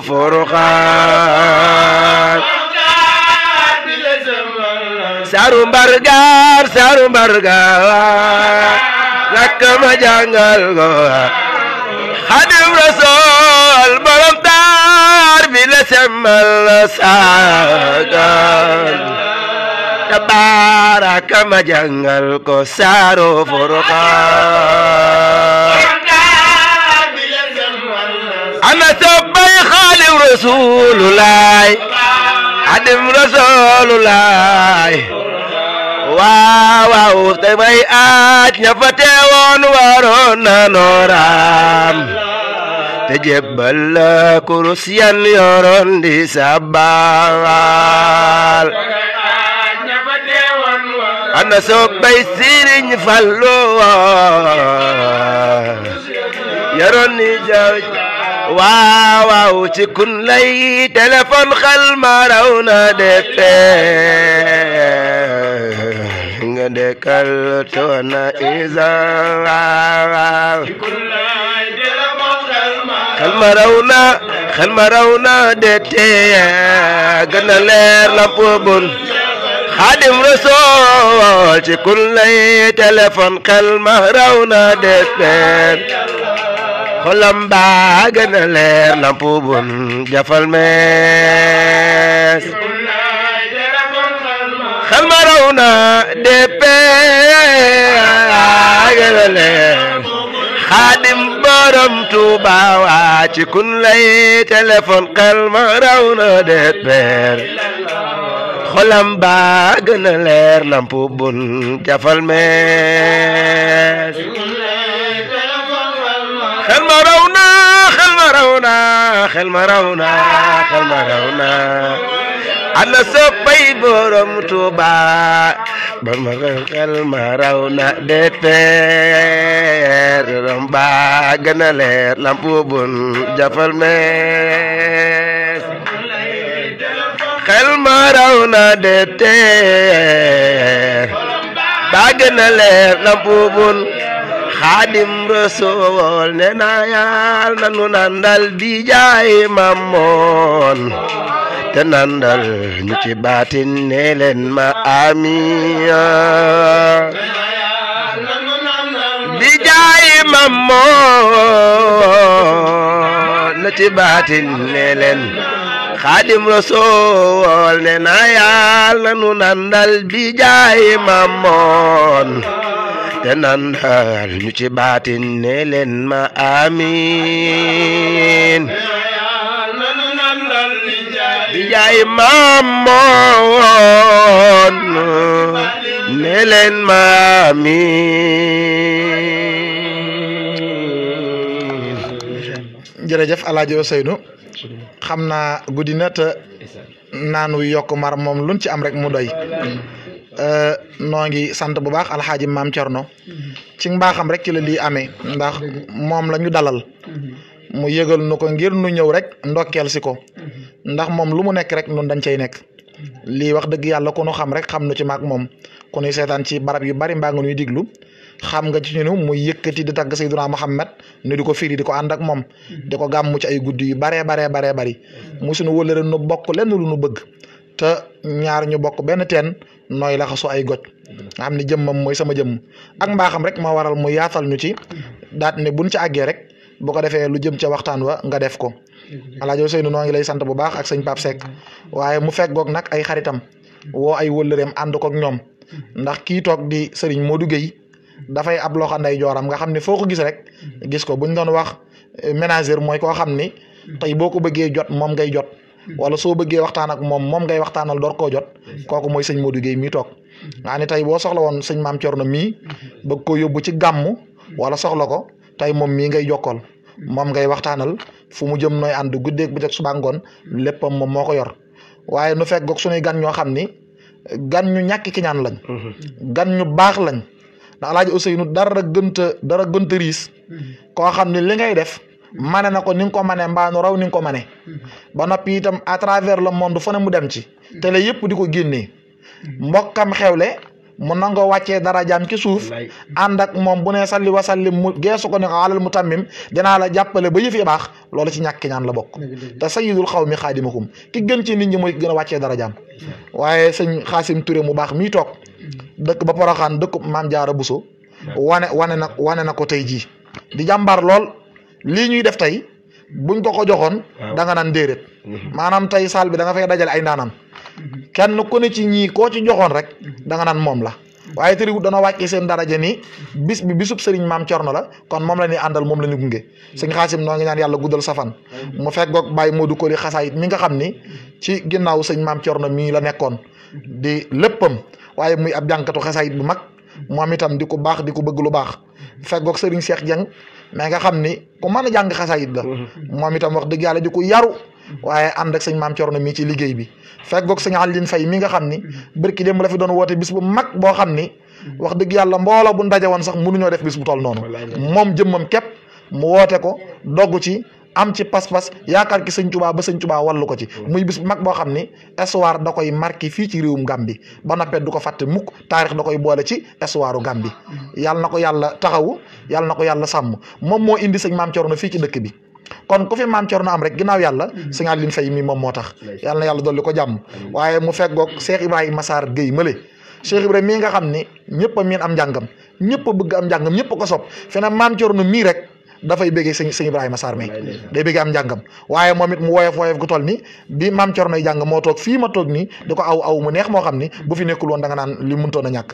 Furqaan saru mbargaan saru mbargaan lakk ma jàngal ko xadim rasool borom taar bi la semmal saagal tabaraka ma jàngal ko saru furqaan ana soppay xaadim rasuululaay xadim rasulullah waaw waaw damay aaj ña fa teewoon waroon na nooram te jébbal la kurus yan yoroon di sabbaal ana soo bay siriñ fallu yoroon ni jaw waaw ci kun lay téléphone xel ma raw na defee nga dekkal toona isa waaw xel ma raw na xel ma raw na detee gën a leer lamp bun xaadim rasool ci kun lay téléphone xel ma raw na defee xolam baa gën a leer lampu jafal mees xel ma raw borom tuuba ci kun lay téléphone xel ma raw na leer lampu jafal mees ma raw naa xel ma raw naa xel ma raw naa xel ma raw jafal mees xaadim rasool ne na yal na nu nandal di jaay mamoon na ci baatin ne leen xaadim rasool ne na yal na nu nandal di jaay mamoon te nan xaal ñu ci baatin ne ma amiin di jaay maam moon ne leen ma amiin xam naa guddi na te naan wu yokk mar moom luñ ci am rek mu doy Euh, noo sante bu baax alhaji mam tiorno ci mbaxam rek ci la lii amé ndax mom lañu dalal mu yëgal nuko ngir nu ñew rek ndokkel ci ko ndax mom lu mu nek rek nun dañ cey nek li wax deug yalla ko nu xam rek xam nu ci mak mom ku nuy setan ci barab yu bari mbaa nga diglu xam nga ci ñu mu yëkkati di tag Muhammad nu di ko firi di ko mom mom. gam di ko ci ay guddi yu bare bare bare bari mu sunu wolere nu bokk lenn lu nu bëgg te ñaar ñu bokk benn teen nooy laxasu ay goj nga xam ne jëmmam mooy sama jëmm ak mbaaxam rek moo waral mu yaatal ñu ci daat ne buñ ci àggee rek bu ko defee lu jëm ca waxtaan wa nga def ko alaajo Seynu noo ngi lay sant bu baax ak sëñ Pape Seck waaye mu fekkoog nag ay xaritam woo ay wëllëreem ànd koog ñoom ndax kii toog di sëriñ Modou Gueye dafay ab loxo nday jooram nga xam ne foo ko gis rek gis ko buñ doon wax euh, ménager mooy koo xam ni tey boo ko bëggee jot moom ngay jot wala soo bëggee waxtaan ak moom moom ngay waxtaanal door koo jot kooku mooy sëñ Modou Guèye mii toog mm-hmm. nga ne tey boo soxla woon sëñ maam Thierno mii mm-hmm. bëgg ko yóbbu ci gàmm mm-hmm. wala soxla ko tey moom mii ngay jokkal moom ngay waxtaanal fu mu jëm nooy ànd guddeeg bëccëg suba ngoon léppam moom moo ko yor waaye nu fekk goog suñuy gan ñoo xam ni gan ñu ñàkk kiñaan ñaan lañ. gan ñu baax lañ ndax El Hadj Ousseynou dara gënta dara gënta riis koo xam ne li ngay def. mane na ko ni ko mane mbaa nu raw ni ko mane mm-hmm. ba noppi itam à travers le monde mu dem ci mm-hmm. di ko génnee mm-hmm. mbokkam xewle mu nango wàccee dara jaam ci suuf ànd ak moom bu ne salli wa salli mu geesu ko ne ko alal mu tammim dinaa la jàppale ba yëf yi baax ci ñàkk ñaan la bokk te sayidul xaw mi xaadimakum ki gën ci nit ñi mooy gën a dara jaam waaye sëñ xaasim Touré mu baax mii ba jaara buso wane wane nak wane na ko tey di lii ñuy def tey buñ ko ko joxoon. Mhm. da nga naan déedéet. maanaam tey saal bi danga nga dajale ay ndaanaan. kenn ku ne ci ñii ko ci joxoon rek da nga naan moom la. waaye tëriwut dana wàcce seen daraja ni bis bi bisub sëriñ maam Cerno la kon moom la ñuy àndal moom la ñu gunge sëñ xaasim noo ngi naan yàlla guddal safan mu fekkoog bàyyi Modou Koli xasaayit mi nga xam ni ci ginnaaw sëñ maam Cerno mii la nekkoon di léppam waaye muy ab jànkatu xasaayit bu mag moom itam di ko baax di ko bëgg lu baax fekkoog sëriñ Cheikh Dieng mais nga xam ni ku mën a jàng xasaayit la mm-hmm. moom itam wax dëgg yàlla di ku yaru waaye ànd ak sëñ maam Cerno mii ci liggéey bi fekk goog sëñ Alioune Faye mi nga xam ni mm-hmm. bërki démb la fi doon woote bis bu mag boo xam ni mm-hmm. wax dëgg yàlla mbooloo bu ndaje woon sax mënuñoo def bis bu toll noonu moom jëmmam képp mu woote ko dogg ci am ci pas-pas yaakaar ki sëñ Tuubaa ba sëñ Tuubaa wallu ko ci muy bis bu mag boo xam ni histoire da koy marqué fii ci réewum Gàmbi ba noppee du ko fàtte mukk taarix da koy boole ci histoire u Gàmbi yàlla na ko yàlla taxawu yàlla na ko yàlla sàmm moom moo indi sëñ maam Thierno fii ci dëkk bi kon ku fi maam Thierno am rek ginnaaw yàlla mm-hmm. sëñ Aline Faye mi moom moo tax yàlla na yàlla dolli ko jàmm waaye mu feggoog Cheikh Ibrahima Sarr Guèye Mële Cheikh Ibrahima mii nga xam ni ñëpp a miin am njàngam ñëpp bëgg am njàngam ñëpp a ko sopp feneen maam Thierno mii rek dafay béggee sëñ sëñ Ibrahima Sarr mi day béggee am njàngam waaye moom it mu woyof woyof gu toll ni bi maam Thierno jàng moo toog fii ma toog nii di ko moo xam ni bu fi nekkul da nga naan li mënutoon a ñàkk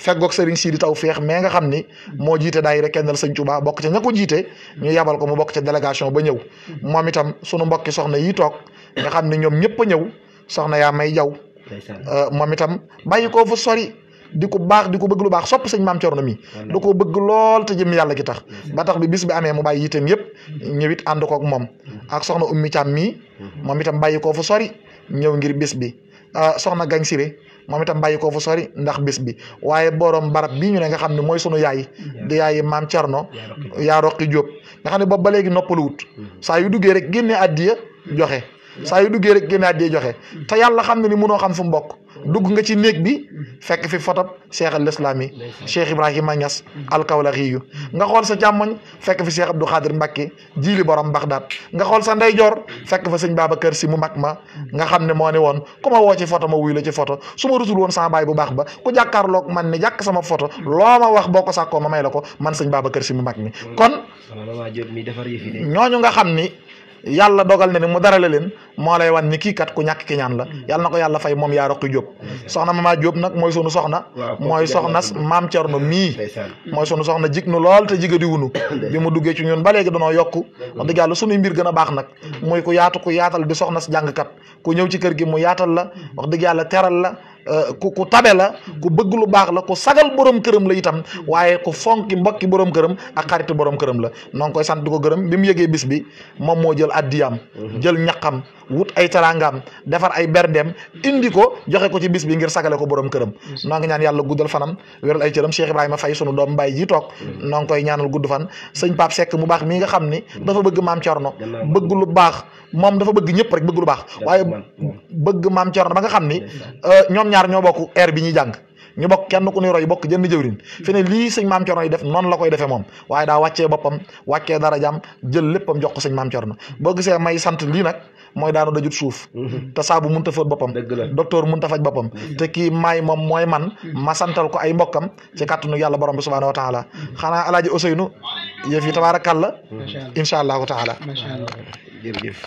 feggoog sëriñ Sidi taw feex mais nga xam ni moo jiite daayira Kendal sëñ Touba bokk ca ña ko jiite ñu yabal ko mu bokk ca délégation ba ñëw moom itam sunu mbokki soxna yi toog nga xam ne ñoom ñëpp a ñëw soxna yaa may jaw euh, moom itam bàyyi ko fu sori diko bax diko bëgg lu bax sopp sëñ mam Cerno mi da ko bëgg lool te jëm yalla gi tax ba tax bi bis bi amé mu bàyyi yiteem yépp ñëwit ko ak mom ak soxna ummi cham mi mom itam bàyyi koo fu sori ñëw ngir bis bi ah, soxna gañ sire mom itam bàyyi fu sori ndax bis bi borom barab bi ñu ne nga xamni moy suñu yaay di yaay mam Cerno ya roqi job nga xamni ne ba légui léegi wut sa yu duggé rek génné addiya joxé saa yu duggee rek génnaat di joxe te yàlla xam ne ni mënoo xam fu mu bokk dugg nga ci néeg bi fekk fi foto fotob cheikh al islam yi cheikh ibrahima ñas alkawlaxi yu nga xool sa càmmoñ fekk fi cheikh abdou xaadir mbàkke jiili borom baxdaat nga xool sa ndeyjoor fekk fa sëñ kër si mu mag ma nga xam ne moo ne woon ku ma woo ci photo ma wuy la ci photo su ma rusul woon sama baay bu baax ba ku jàkkaarloog man ni jàkk sama photo loo ma wax boo ko sàkkoo ma may la ko man sëñ babacar si mu mag mi yàlla dogal na ne mu darale leen moo lay wan ni kii kat ku ñàkk ki ñaan la mm. yàlla na ko yàlla fay moom yaa roqi Jóob mm. soxna mama Jóob nag mooy sunu soxna mooy soxnas maam Cerno mii mooy sunu soxna jig nu lool te jigadi wunu bi mu duggee ci ñun ba léegi danoo yokk wax dëgg yàlla sunuy mbir gën a baax nag mm. muy ku yaatu ku yaatal di soxnas jàngkat ku ñëw ci kër gi mu yaatal la wax dëgg yàlla teral la Euh, ku ku tabe la ku bëgg lu baax la ku sagal boroom këram la itam waaye ku fonki mbokki boroom këram ak xaritu borom këram la noo koy sant di ko gërëm bi mu yëgee bis bi moom moo jël addiyam mhm. jël ñaqam wut ay teraangaam defar ay berdeem indi ko joxe ci bis bi ngir sagale ko borom këram mhm. noo ngi ñaan yàlla guddal fanam wéral ay cëram Cheikh Ibrahima Faye sunu doom mbay ji toog mhm. noo ngi koy ñaanal gudd fan sëñ Pape sekk mu baax mii nga xam ni dafa bëgg maam Thierno bëgg lu baax moom dafa bëgg ñëpp rek bëgg lu baax waaye bëgg maam Cerno ba nga xam ni euh, ñoom ñaar ñoo bokk air bi ñuy jàng ñu bokk kenn ku ñuy roy bokk jënd jëwrin fi ne lii sëñ maam Cerno yi def noonu la koy defee moom waaye daa wàccee boppam wàccee dara jam jël léppam jox ko sëñ maam Cerno boo gisee may sant lii nag mooy daanu dajut suuf mm-hmm. te saabu mun ta fóot boppam docteur mënut a faj boppam mm-hmm. te kii maay moom mooy man mm-hmm. ma santal ko ay mbokkam katt nu yàlla borom bi subhaanahu wa taala xanaa alaaji Ousseynou yëf yi tabaarakàlla incha allahu taala jërëjëf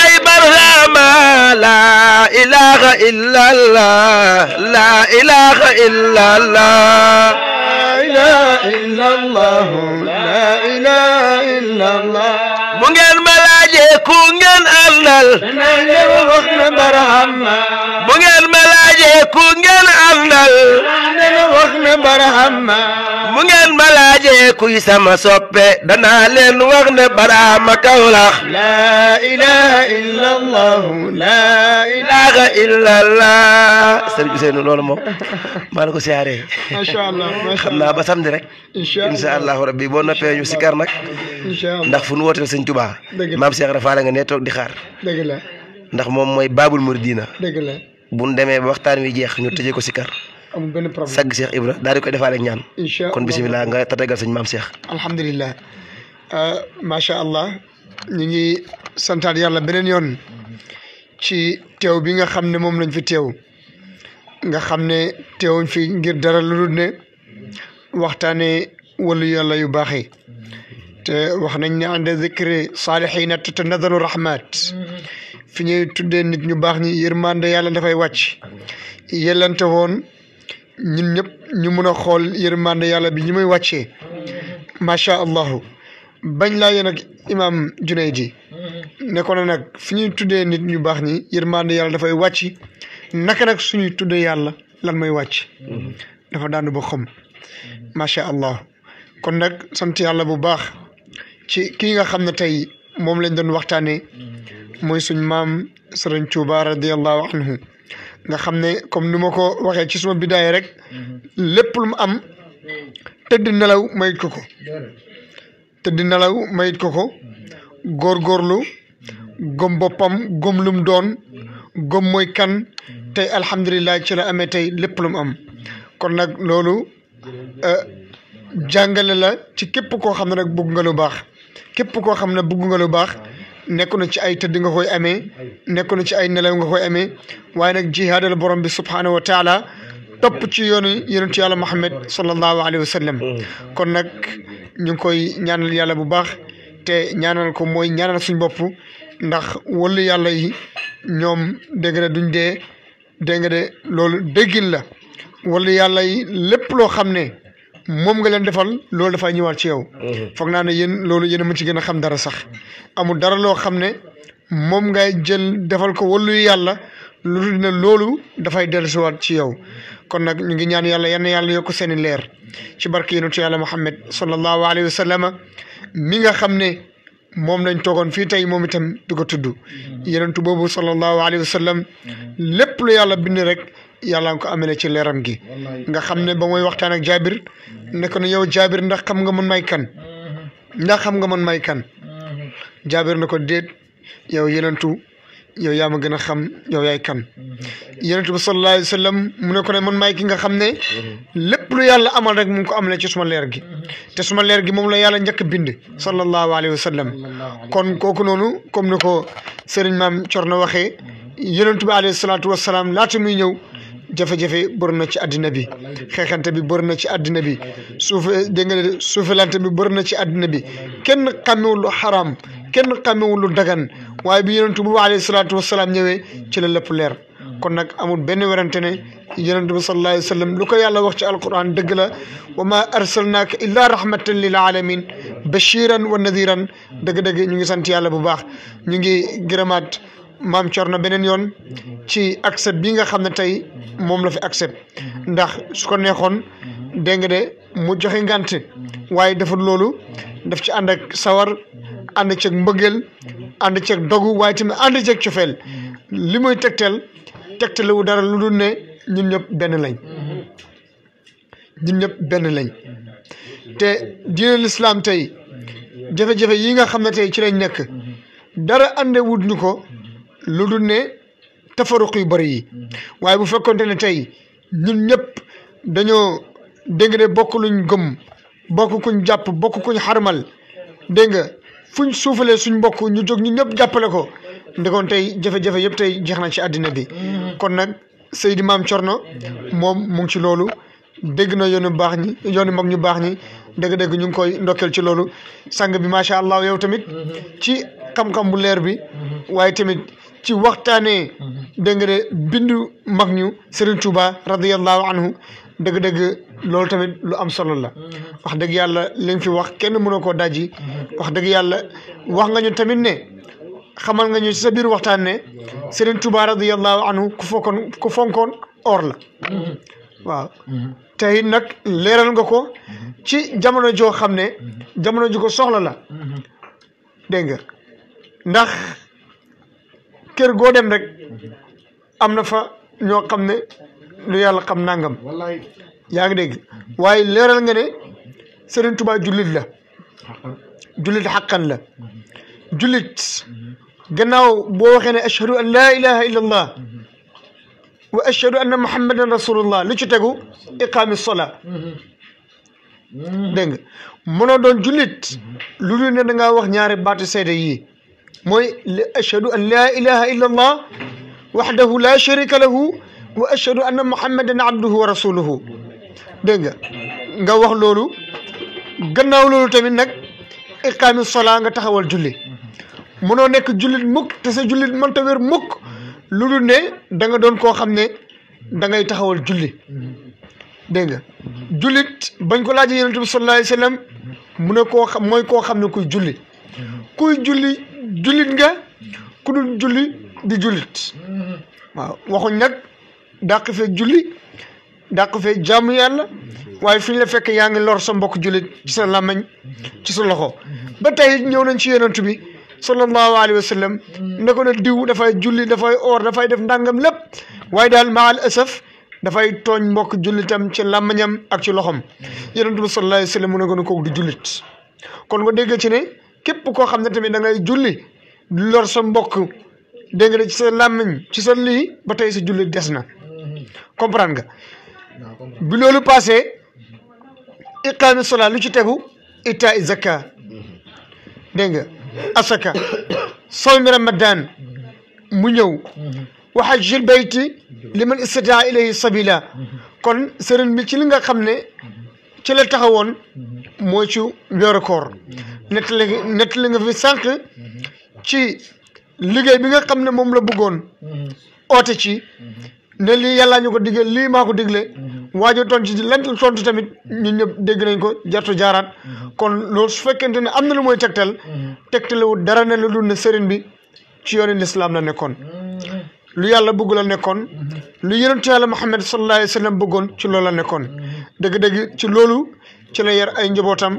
ما لا إله إلا الله لا إله إلا الله لا إله إلا الله لا إله إلا الله مُنْجَنْ مَلَاجِ كُنْجَنْ أَلْنَلْ مُنْجَنْ مَلَاجِ كُنْجَنْ أَلْنَلْ مُنْجَنْ مَلَاجِ كُيْسَ مَسَبْبِ دَنَالِنْ وَغْنِ بَرَهَمَّ كَوْلَخْ لَا إِلَهَ إِلَّا اللَّهُ لَا إِلَهَ إِلَّا اللَّهُ سَرِكُسَيْنُ لَوْلَمُ مَالَكُسِيَارِي مَا شَاءَ اللَّهُ مَا شَاءَ اللَّهُ ba samedi rek inshallah rabbi bo noppee ñu sikar inshallah ndax fu ñu wotal señ touba mam Cheikh Rafaala nga ne toog di xaar deug la ndax mom moy babul deug la bu ñu waxtaan wi jeex ñu tejé ko sikar amu ben problème sag Cheikh Ibra daal di ko defaale ak ñaan kon bismillah nga tatagal señ mam Cheikh euh, ma sha allah ñi ngi santat yalla benen yoon ci tew bi nga xamne mom lañ fi tew nga xamne tewuñ fi ngir dara lu dul ne waxtaane walu yàlla yu baax yi te wax nañ ne ànd zikri saalihiina tatanazalu rahmat fi ñuy tuddee nit ñu baax ñi yërmande yàlla dafay wàcc yellante woon ñun ñëpp ñu mun a xool yërmande yàlla bi ñu muy wàccee macha bañ laa yéen ak imaam Junayd nag fi ñuy tuddee nit ñu baax ñi yërmande yàlla dafay wàcc naka nag suñuy tuddee yàlla lan mooy wàcc dafa daanu ba xom macha allah kon nag sant yàlla bu baax ci kii nga xam ne tey moom lañ doon waxtaanee mooy suñ maam Sëriñ Tuuba radiallahu anhu nga xam ne comme ni ma ko waxee ci suma bidaay rek lépp lu mu am tëdd nelaw mayit ko ko tëdd nelaw mayit ko ko góorgóorlu gom boppam gom lum doon gom mooy kan tey alhamdulilah ci la amee tey lépp lu mu am kon nag loolu Euh, jàngale la ci képp koo xam ne rek bëgg nga lu baax képp koo xam ne bëgg nga lu baax nekk na ci ay tëdd nga koy amee nekk na ci ay nelaw nga koy amee waaye nag jihaadal borom bi subhaanahu wa taala topp ci yoonu yonent yàlla Muhammad sallallahu alayhi wa sallam kon nag ñu ngi koy ñaanal yàlla bu baax te ñaanal ko mooy ñaanal suñ bopp ndax wàllu yàlla yi ñoom dégg nga duñ dee dégg nga de loolu déggin la wala yàlla yi lépp loo xam ne moom nga leen defal loolu dafay ñëwaat ci yow. Mm-hmm. foog naa ne yéen loolu yéen a mën ci gën a xam dara sax amul dara loo xam ne moom ngay jël defal ko wàllu yàlla lu dul ne loolu dafay dellusiwaat ci yow kon nag ñu ngi ñaan yàlla yenn yàlla yokk seen i leer ci barke yonent yàlla Muhammad sallallahu alayhi wa sallam mi nga xam ne. moom lañ toogoon fii tey moom itam di ko tudd mm-hmm. yenentu boobu sallallahu alayhi wa sallam lépp lu yàlla bind rek yàlla nga ko amee ci leeram gi nga xam ne ba mooy waxtaan ak jaabir ne ko ne yow jaabir ndax xam nga man may kan mm-hmm. ndax xam nga man may kan mm-hmm. jaabir ne ko déet yow yenentu yow yaa ma gën a xam yow yaay kan mm-hmm. yenentu bi sallallahu alayhi wa mu ne ne man may ki nga xam ne lépp lu yàlla amal rek mu ngi ko amalee ci suma leer gi te suma leer gi moom la yàlla njëkk bind sallallahu alayhi wa sallam kon kooku noonu comme ni ko sëriñ maam Corno waxee yenentu bi alayhi salaatu wasalaam laata muy ñëw jafe-jafe borna ci àddina bi xexante bi borna ci àddina bi suuf dégg nga bi borna ci àddina bi kenn xamewul lu kenn xamewul lu dagan way bi yaronte bu alayhi salatu wassalam ñewé ci la lépp leer kon nak amul ben werante ne yonent bi sallallahu alayhi wasallam lu ko yàlla wax ci alquran deug la wama arsalnaka illa rahmatan lil alamin bashiran wa nadhiran deug deug ñu ngi sant yàlla bu baax ñu ngi gërëmaat maam na beneen yoon ci accept bii nga xam ne tey moom la fi accept ndax su ko neexoon dégg de mu joxe ngànt waaye dafa loolu daf ci ànd sawar ànd ceeg mbëggeel ànd ceeg dogu waaye tamit ànd ceeg cofeel li muy tegteel tegtalewu dara lu dul ne ñun ñëpp benn lañ benn lañ te diine lislaam tey jafe-jafe yi nga xam ne tey ci lañ nekk dara àndewut ñu ko lu dul ne tafaruq yu bëri yi waaye bu fekkonte ne tey ñun ñëpp dañoo dégg ne bokk luñ gëm bokk kuñ jàpp bokk kuñ xarmal dégg nga fuñ suufalee suñ mbokk ñu jóg ñun ñëpp jàppale ko ndekoon tey jafe-jafe yëpp tey jeex na ci àddina bi mm-hmm. kon nag Seydi Maam Cerno moom mu ci loolu dégg na yoonu baax ñi yoonu mag ñu baax ñi dégg-dégg ñu ngi koy ndokkeel ci loolu sang bi macha allah yow tamit mm-hmm. ci xam-xam bu leer bi mm-hmm. waaye tamit ci waxtaanee dégg nga bindu mag ñu Serigne Touba radiyallahu anhu dëgg-dëgg loolu tamit lu am solo la wax dëgg yàlla li nga fi wax kenn mënoo koo dajji wax dëgg yàlla wax nga ñu tamit ne xamal nga ñu ci sa biir waxtaan ne Serigne Touba radiyallahu anhu ku fonkoon or la waaw tey nag leeral nga ko ci jamono joo xam ne jamono ju ko soxla la dégg ndax kër goo dem rek am na fa ñoo xam ne lu yàlla xam nangam yaa ngi dégg waaye leeral nga ne Serigne Touba la jullit xaqan la jullit gannaaw boo waxee ne ashhadu an laa ilaha illa allah wa ashhadu anna muhammadan rasulullah lu ci tegu iqaami sola mm-hmm. dégg nga doon jullit lu ñu ne da wax ñaari baati seede yii mooy ashhadu an laa ilaha illa allah waxdahu laa sharika lahu wa ashhadu anna muhammadan abduhu wa rasuluhu dégg nga wax loolu gannaaw loolu tamit nag iqaami sola nga taxawal julli mënoo nekk jullit mukk te sa jullit mënta wér mukk lu dul ne da doon koo xam ne da taxawal julli dégg nga jullit bañ ko laajee yonent bi sallallahu wa sallam mu ne koo xam mooy koo xam ne kuy julli kuy julli jullit nga ku dul julli di jullit waaw waxuñ nag dàq fee julli dàq fee jaamu yàlla waaye fi la fekk yaa ngi lor sa mbokk jullit ci sa làmmañ ci sa loxo ba tey ñëw nañ ci yonent bi sallallahu alayhi wa sallam ne ko dafay def ndàngam lépp waaye daal maal asaf dafay tooñ mbokk jullitam ci làmmañam ak ci loxom yonent bi sallallahu alayhi wa sallam mu ne ko du jullit kon nga dégg ci képp koo xam ne tamit da ngay julli lor sa mbokk dégg nga ci sa làmmiñ ci sa lii ba tey sa julli des na comprendre nga bi loolu passé iqaami sola lu ci tegu ita i zakka dégg nga asaka sawmi ramadan mu ñëw wa hajjil bayti liman istataa ilayhi sabila kon sëriñ bi ci li nga xam ne ci la taxawoon mhm. mooy ci weeru koor mhm. nettali nettali nga fi sànq mhm. ci liggéey bi nga xam ne moom la bëggoon oote ci ne lii yàllaa ñu ko digal lii maa ko digle waajo tontu ci lan tontu tamit ñun ñëpp dégg nañ ko jartu jaaraat kon loolu su fekkente ne am na lu mooy tegtal tegtalewut dara ne lu dul ne sëriñ bi ci yoonu lislaam la nekkoon lu yàlla bëgg la nekkoon lu yonent yàlla Muhammad sallallahu alayhi wa sallam bëggoon ci loolu la nekkoon dégg dégg ci loolu ci la yar ay njabootam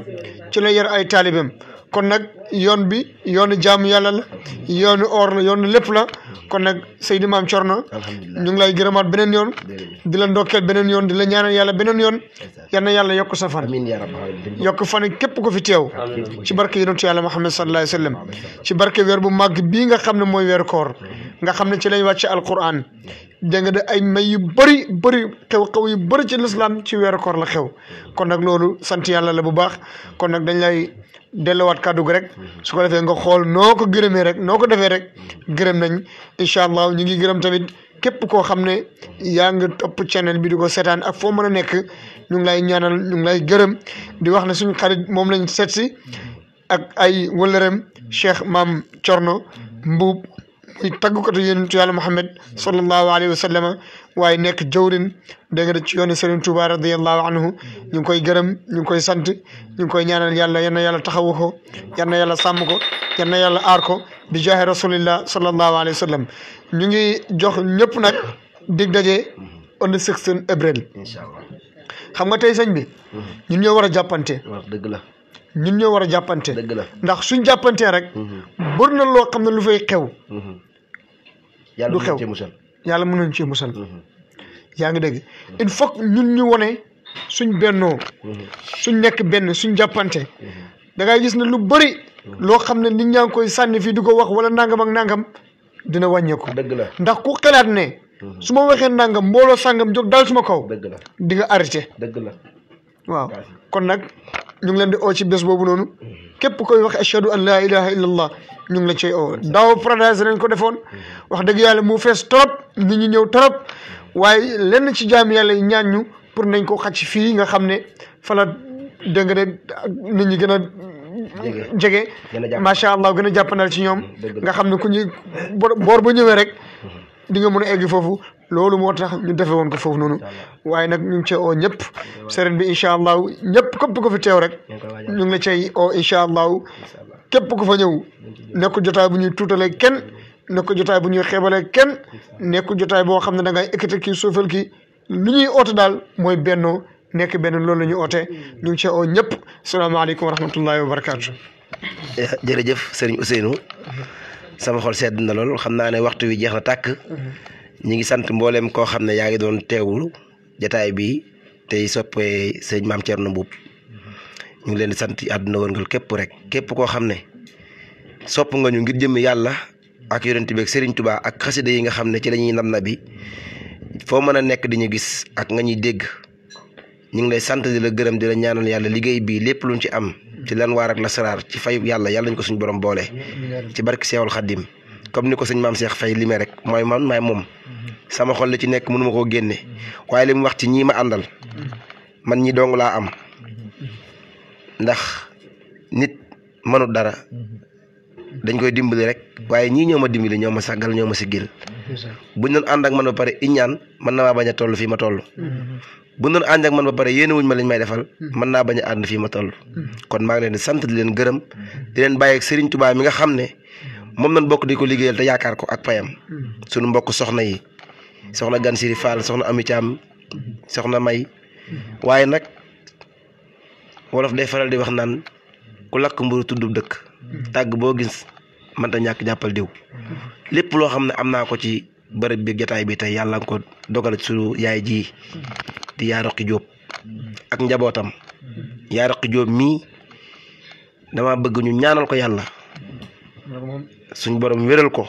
ci la yar ay taalibeem kon nag yoon bi yoonu jaamu yàlla la yoonu or la yoonu lépp la kon nag Seydi Maam Thierno ñu ngi lay gërëmaat beneen yoon di la ndokkeel beneen yoon di la ñaanal yàlla beneen yoon yal na yàlla yokk sa fan yokk fan képp ko fi teew ci barke yonentu yàlla Muhammad sallallahu alayhi wa sallam ci barke weer bu màgg bii nga xam ne mooy weeru koor nga xam ne ci lañ wàcce alquran dégg nga de ay may yu bëri bëri xew-xew yu bëri ci lislaam ci weer koor la xew kon nag loolu sant yàlla la bu baax kon nag dañ lay dellowaat kàddu rek mhm. su ko defee nga xool noo ko gërëmee rek noo ko defee rek mhm. gërëm nañ incha allah ñu ngi gërëm tamit képp koo xam ne yaa ngi topp channel bi di ko seetaan ak foo mën a nekk ñu ngi lay ñaanal ñu ngi lay gërëm di wax ne suñu xarit moom lañ seet si mhm. ak ay wëlërëm Cheikh Maam corno Mbuub di taggukatu yonentu yàlla Muhammad sallallahu alayhi wa sallam waaye nekk jawrin dégg nga ci yoonu Serigne Touba radiyallahu anhu ñu ngi koy gërëm ñu ngi koy sant ñu ngi koy ñaanal yàlla yal na yàlla taxawu ko yal na yàlla sàmm ko yal yàlla aar ko bi jaahi rasulillah sallallahu alayhi wa sallam ñu ngi jox ñëpp nag dig daje on the 16 avril. incha allah xam nga tey sëñ bi. Mm-hmm. ñun ñoo war a jàppante. wax ñun ñoo war a jàppante. ndax suñ jàppantee rek. Mm-hmm. bëri na loo xam ne lu fay xew. Mm-hmm. du xew yàlla mën nañu cee musal. Mm-hmm. yaa ngi dégg il faut ñun ñu wone suñ bennoo. suñ nekk benn suñ jàppante. da ngay gis ne lu bëri. loo xam ne nit ñaa ngi koy sànni fii di ko wax wala nangam ak nangam dina wàññeeku. dëgg la ndax ku xalaat ne. su ma waxee nangam mbooloo sàngam jóg daal suma kaw. dëgg la di nga arrêté. dëgg la. waaw kon nag ñu ngi leen di oo ci bés boobu noonu mhm. képp koy wax ashhadu an laa ilaha illa allah ñu ngi la cay oo daaw paradise nañ ko defoon mhm. wax dëgg yàlla mu fees trop nit ñi ñëw trop mhm. waaye lenn ci jaam yàlla yi ñaan ñu pour nañ ko xacc fii nga xam ne fala dégg nga nit ñi gën a jege macha allah gën a jàppandal ci ñoom nga xam ne ku ñuy boor ba ñëwee rek di nga mën a egg foofu loolu moo tax ñu defe woon ko foofu noonu waaye nag ñu ngi cay oo ñëpp sëriñ bi incha allah ñëpp képp ko fi teew rek ñu ngi la cay oo incha allah képp ku fa ñëw nekku jotaay bu ñuy tuutale kenn nekku jotaay bu ñuy xeebale kenn nekku jotaay boo xam ne da ngay ekkati kii suufal kii lu ñuy oote daal mooy bennoo nekk benn loolu la ñuy oote ñu ngi cay oo ñëpp salaamaaleykum wa rahmatullahi wa barakaatu. jërëjëf sëriñ Ousseynou. sama xol sedd na lool xam naa ne waxtu wi jeex na tàkk ñi ngi sant mbooleem koo xam ne yaa ngi doon teewlu jataay bi tey soppee sëñ maam na Mboup ñu ngi leen di sant àdduna wërngal képp rek képp koo xam ne sopp nga ñu ngir jëmm yàlla ak yonent bi ak sëriñ tubaa ak xasida yi nga xam ne ci la ñuy nam na bi foo mën a nekk di ñu gis ak nga ñuy dégg ñu ngi lay sant di la gërëm di la ñaanal yalla liggéey bi lepp luñ ci am ci lan war ak sarar ci fay yalla yalla ñu ko suñu borom boole ci barki khadim comme ni señ mam Cheikh fay limé rek moy man may mom sama xol li ci nek mënuma ko génné waye limu wax ci ñi ma andal man ñi dong la am ndax nit mënut dara dañ koy dimbali rek waye ñi ñoma dimbali ñoma ma ñoma sigil buñ ñun and ak man ba pare iñan man na maa baña tollu fi ma tollu buñ ñun and ak man ba pare yene wuñ ma lañ may defal man na baña and fi ma tollu kon ma ngi leen di sant di leen gëreem di leen baye ak Serigne Touba mi nga xamne mom nañ bokk di ko liggéeyal te yaakar ko ak payam suñu mbokk soxna yi soxna Gan Siri Fall soxna Ami cham soxna May waye nak wolof day faral di wax nan ku lak mburu tuddu dekk tàgg boo gis manta ñàkk jàppal diw lépp loo xam ne am naa ko ci bërëb bi jotaay bi tey yàlla nga ko dogal suñu yaay ji di yaa roqi jóob ak njabootam yaa roqi jóob mii dama bëgg ñu ñaanal ko yàlla suñ borom wéral ko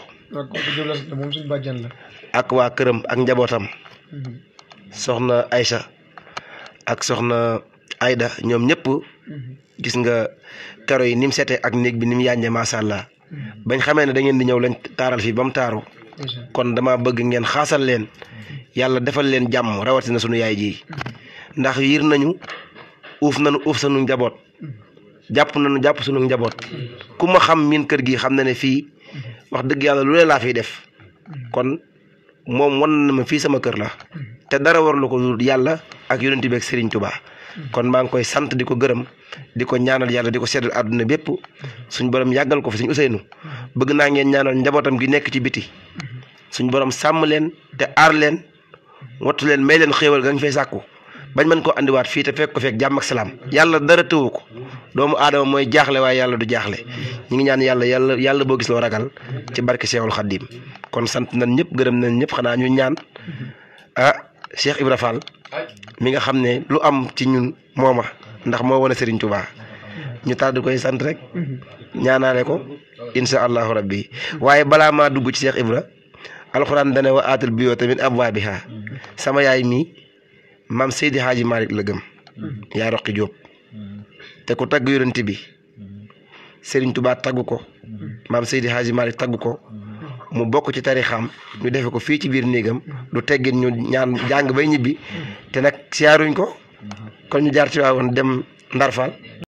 ak waa këram ak njabootam mm-hmm. soxna Aïcha ak soxna Aida nyom nyepu mhm. gis nga karo yi nim sete ak neeg bi nim yàññe macha allah mhm. bañ xamé né da ngeen di ñew lañ taral fi bam taru kon dama bëgg ngeen xassal leen mhm. yalla defal leen rawati na sunu yaay ji ndax yir nañu uuf nañu uuf sunu njabot japp nañu japp sunu njabot kuma xam min kër gi xam na né fi wax dëgg yalla lu def kon mom won na ma fi sama kër la té dara lu ko yalla ak yoonte bi ak Serigne Touba kon maa ngi koy sant di ko gërëm di ko ñaanal yàlla di ko seddal adduna bépp suñ borom yàggal ko fi suñ Ousseynou bëgg naa ngeen ñaanal njabootam gi nekk ci biti suñ borom sàmm leen te aar leen wattu leen may leen xéewal gañ fay sàkku bañ mën koo andiwaat fii te fekk ko fekk jàmm ak salaam yàlla dara tëwu ko doomu aadama mooy jaaxle waaye yàlla du jaaxle ñu ngi ñaan yàlla yàlla yàlla boo gis loo ragal ci barke Seexul Xaddiim kon sant nañ ñëpp gërëm nañ ñëpp xanaa ñu Cheikh Ibra Fall mi nga xam ne lu am ci ñun mooma ndax moo wane Serigne tubaa ñu tàdd koy sant rek ñaanaale ko incha allahu rabbi waaye balaa maa dugg ci Cheikh Ibra alxuraan dane wa aatal bio tamit abwaabiha sama yaay mii maam Seydi Hadji Malick la gëm yaa roqi Diop te ku tagg yonent bi sëriñ tubaa tagg ko maam Seydi Hadji Malick tagg ko mu bokk ci tarixam ñu defe ko fii ci biir néegam du teggin ñu ñaan jàng bay ñibbi te nag siyaaruñ ko mhm. kon ñu jaar ci waawoon dem ndarfal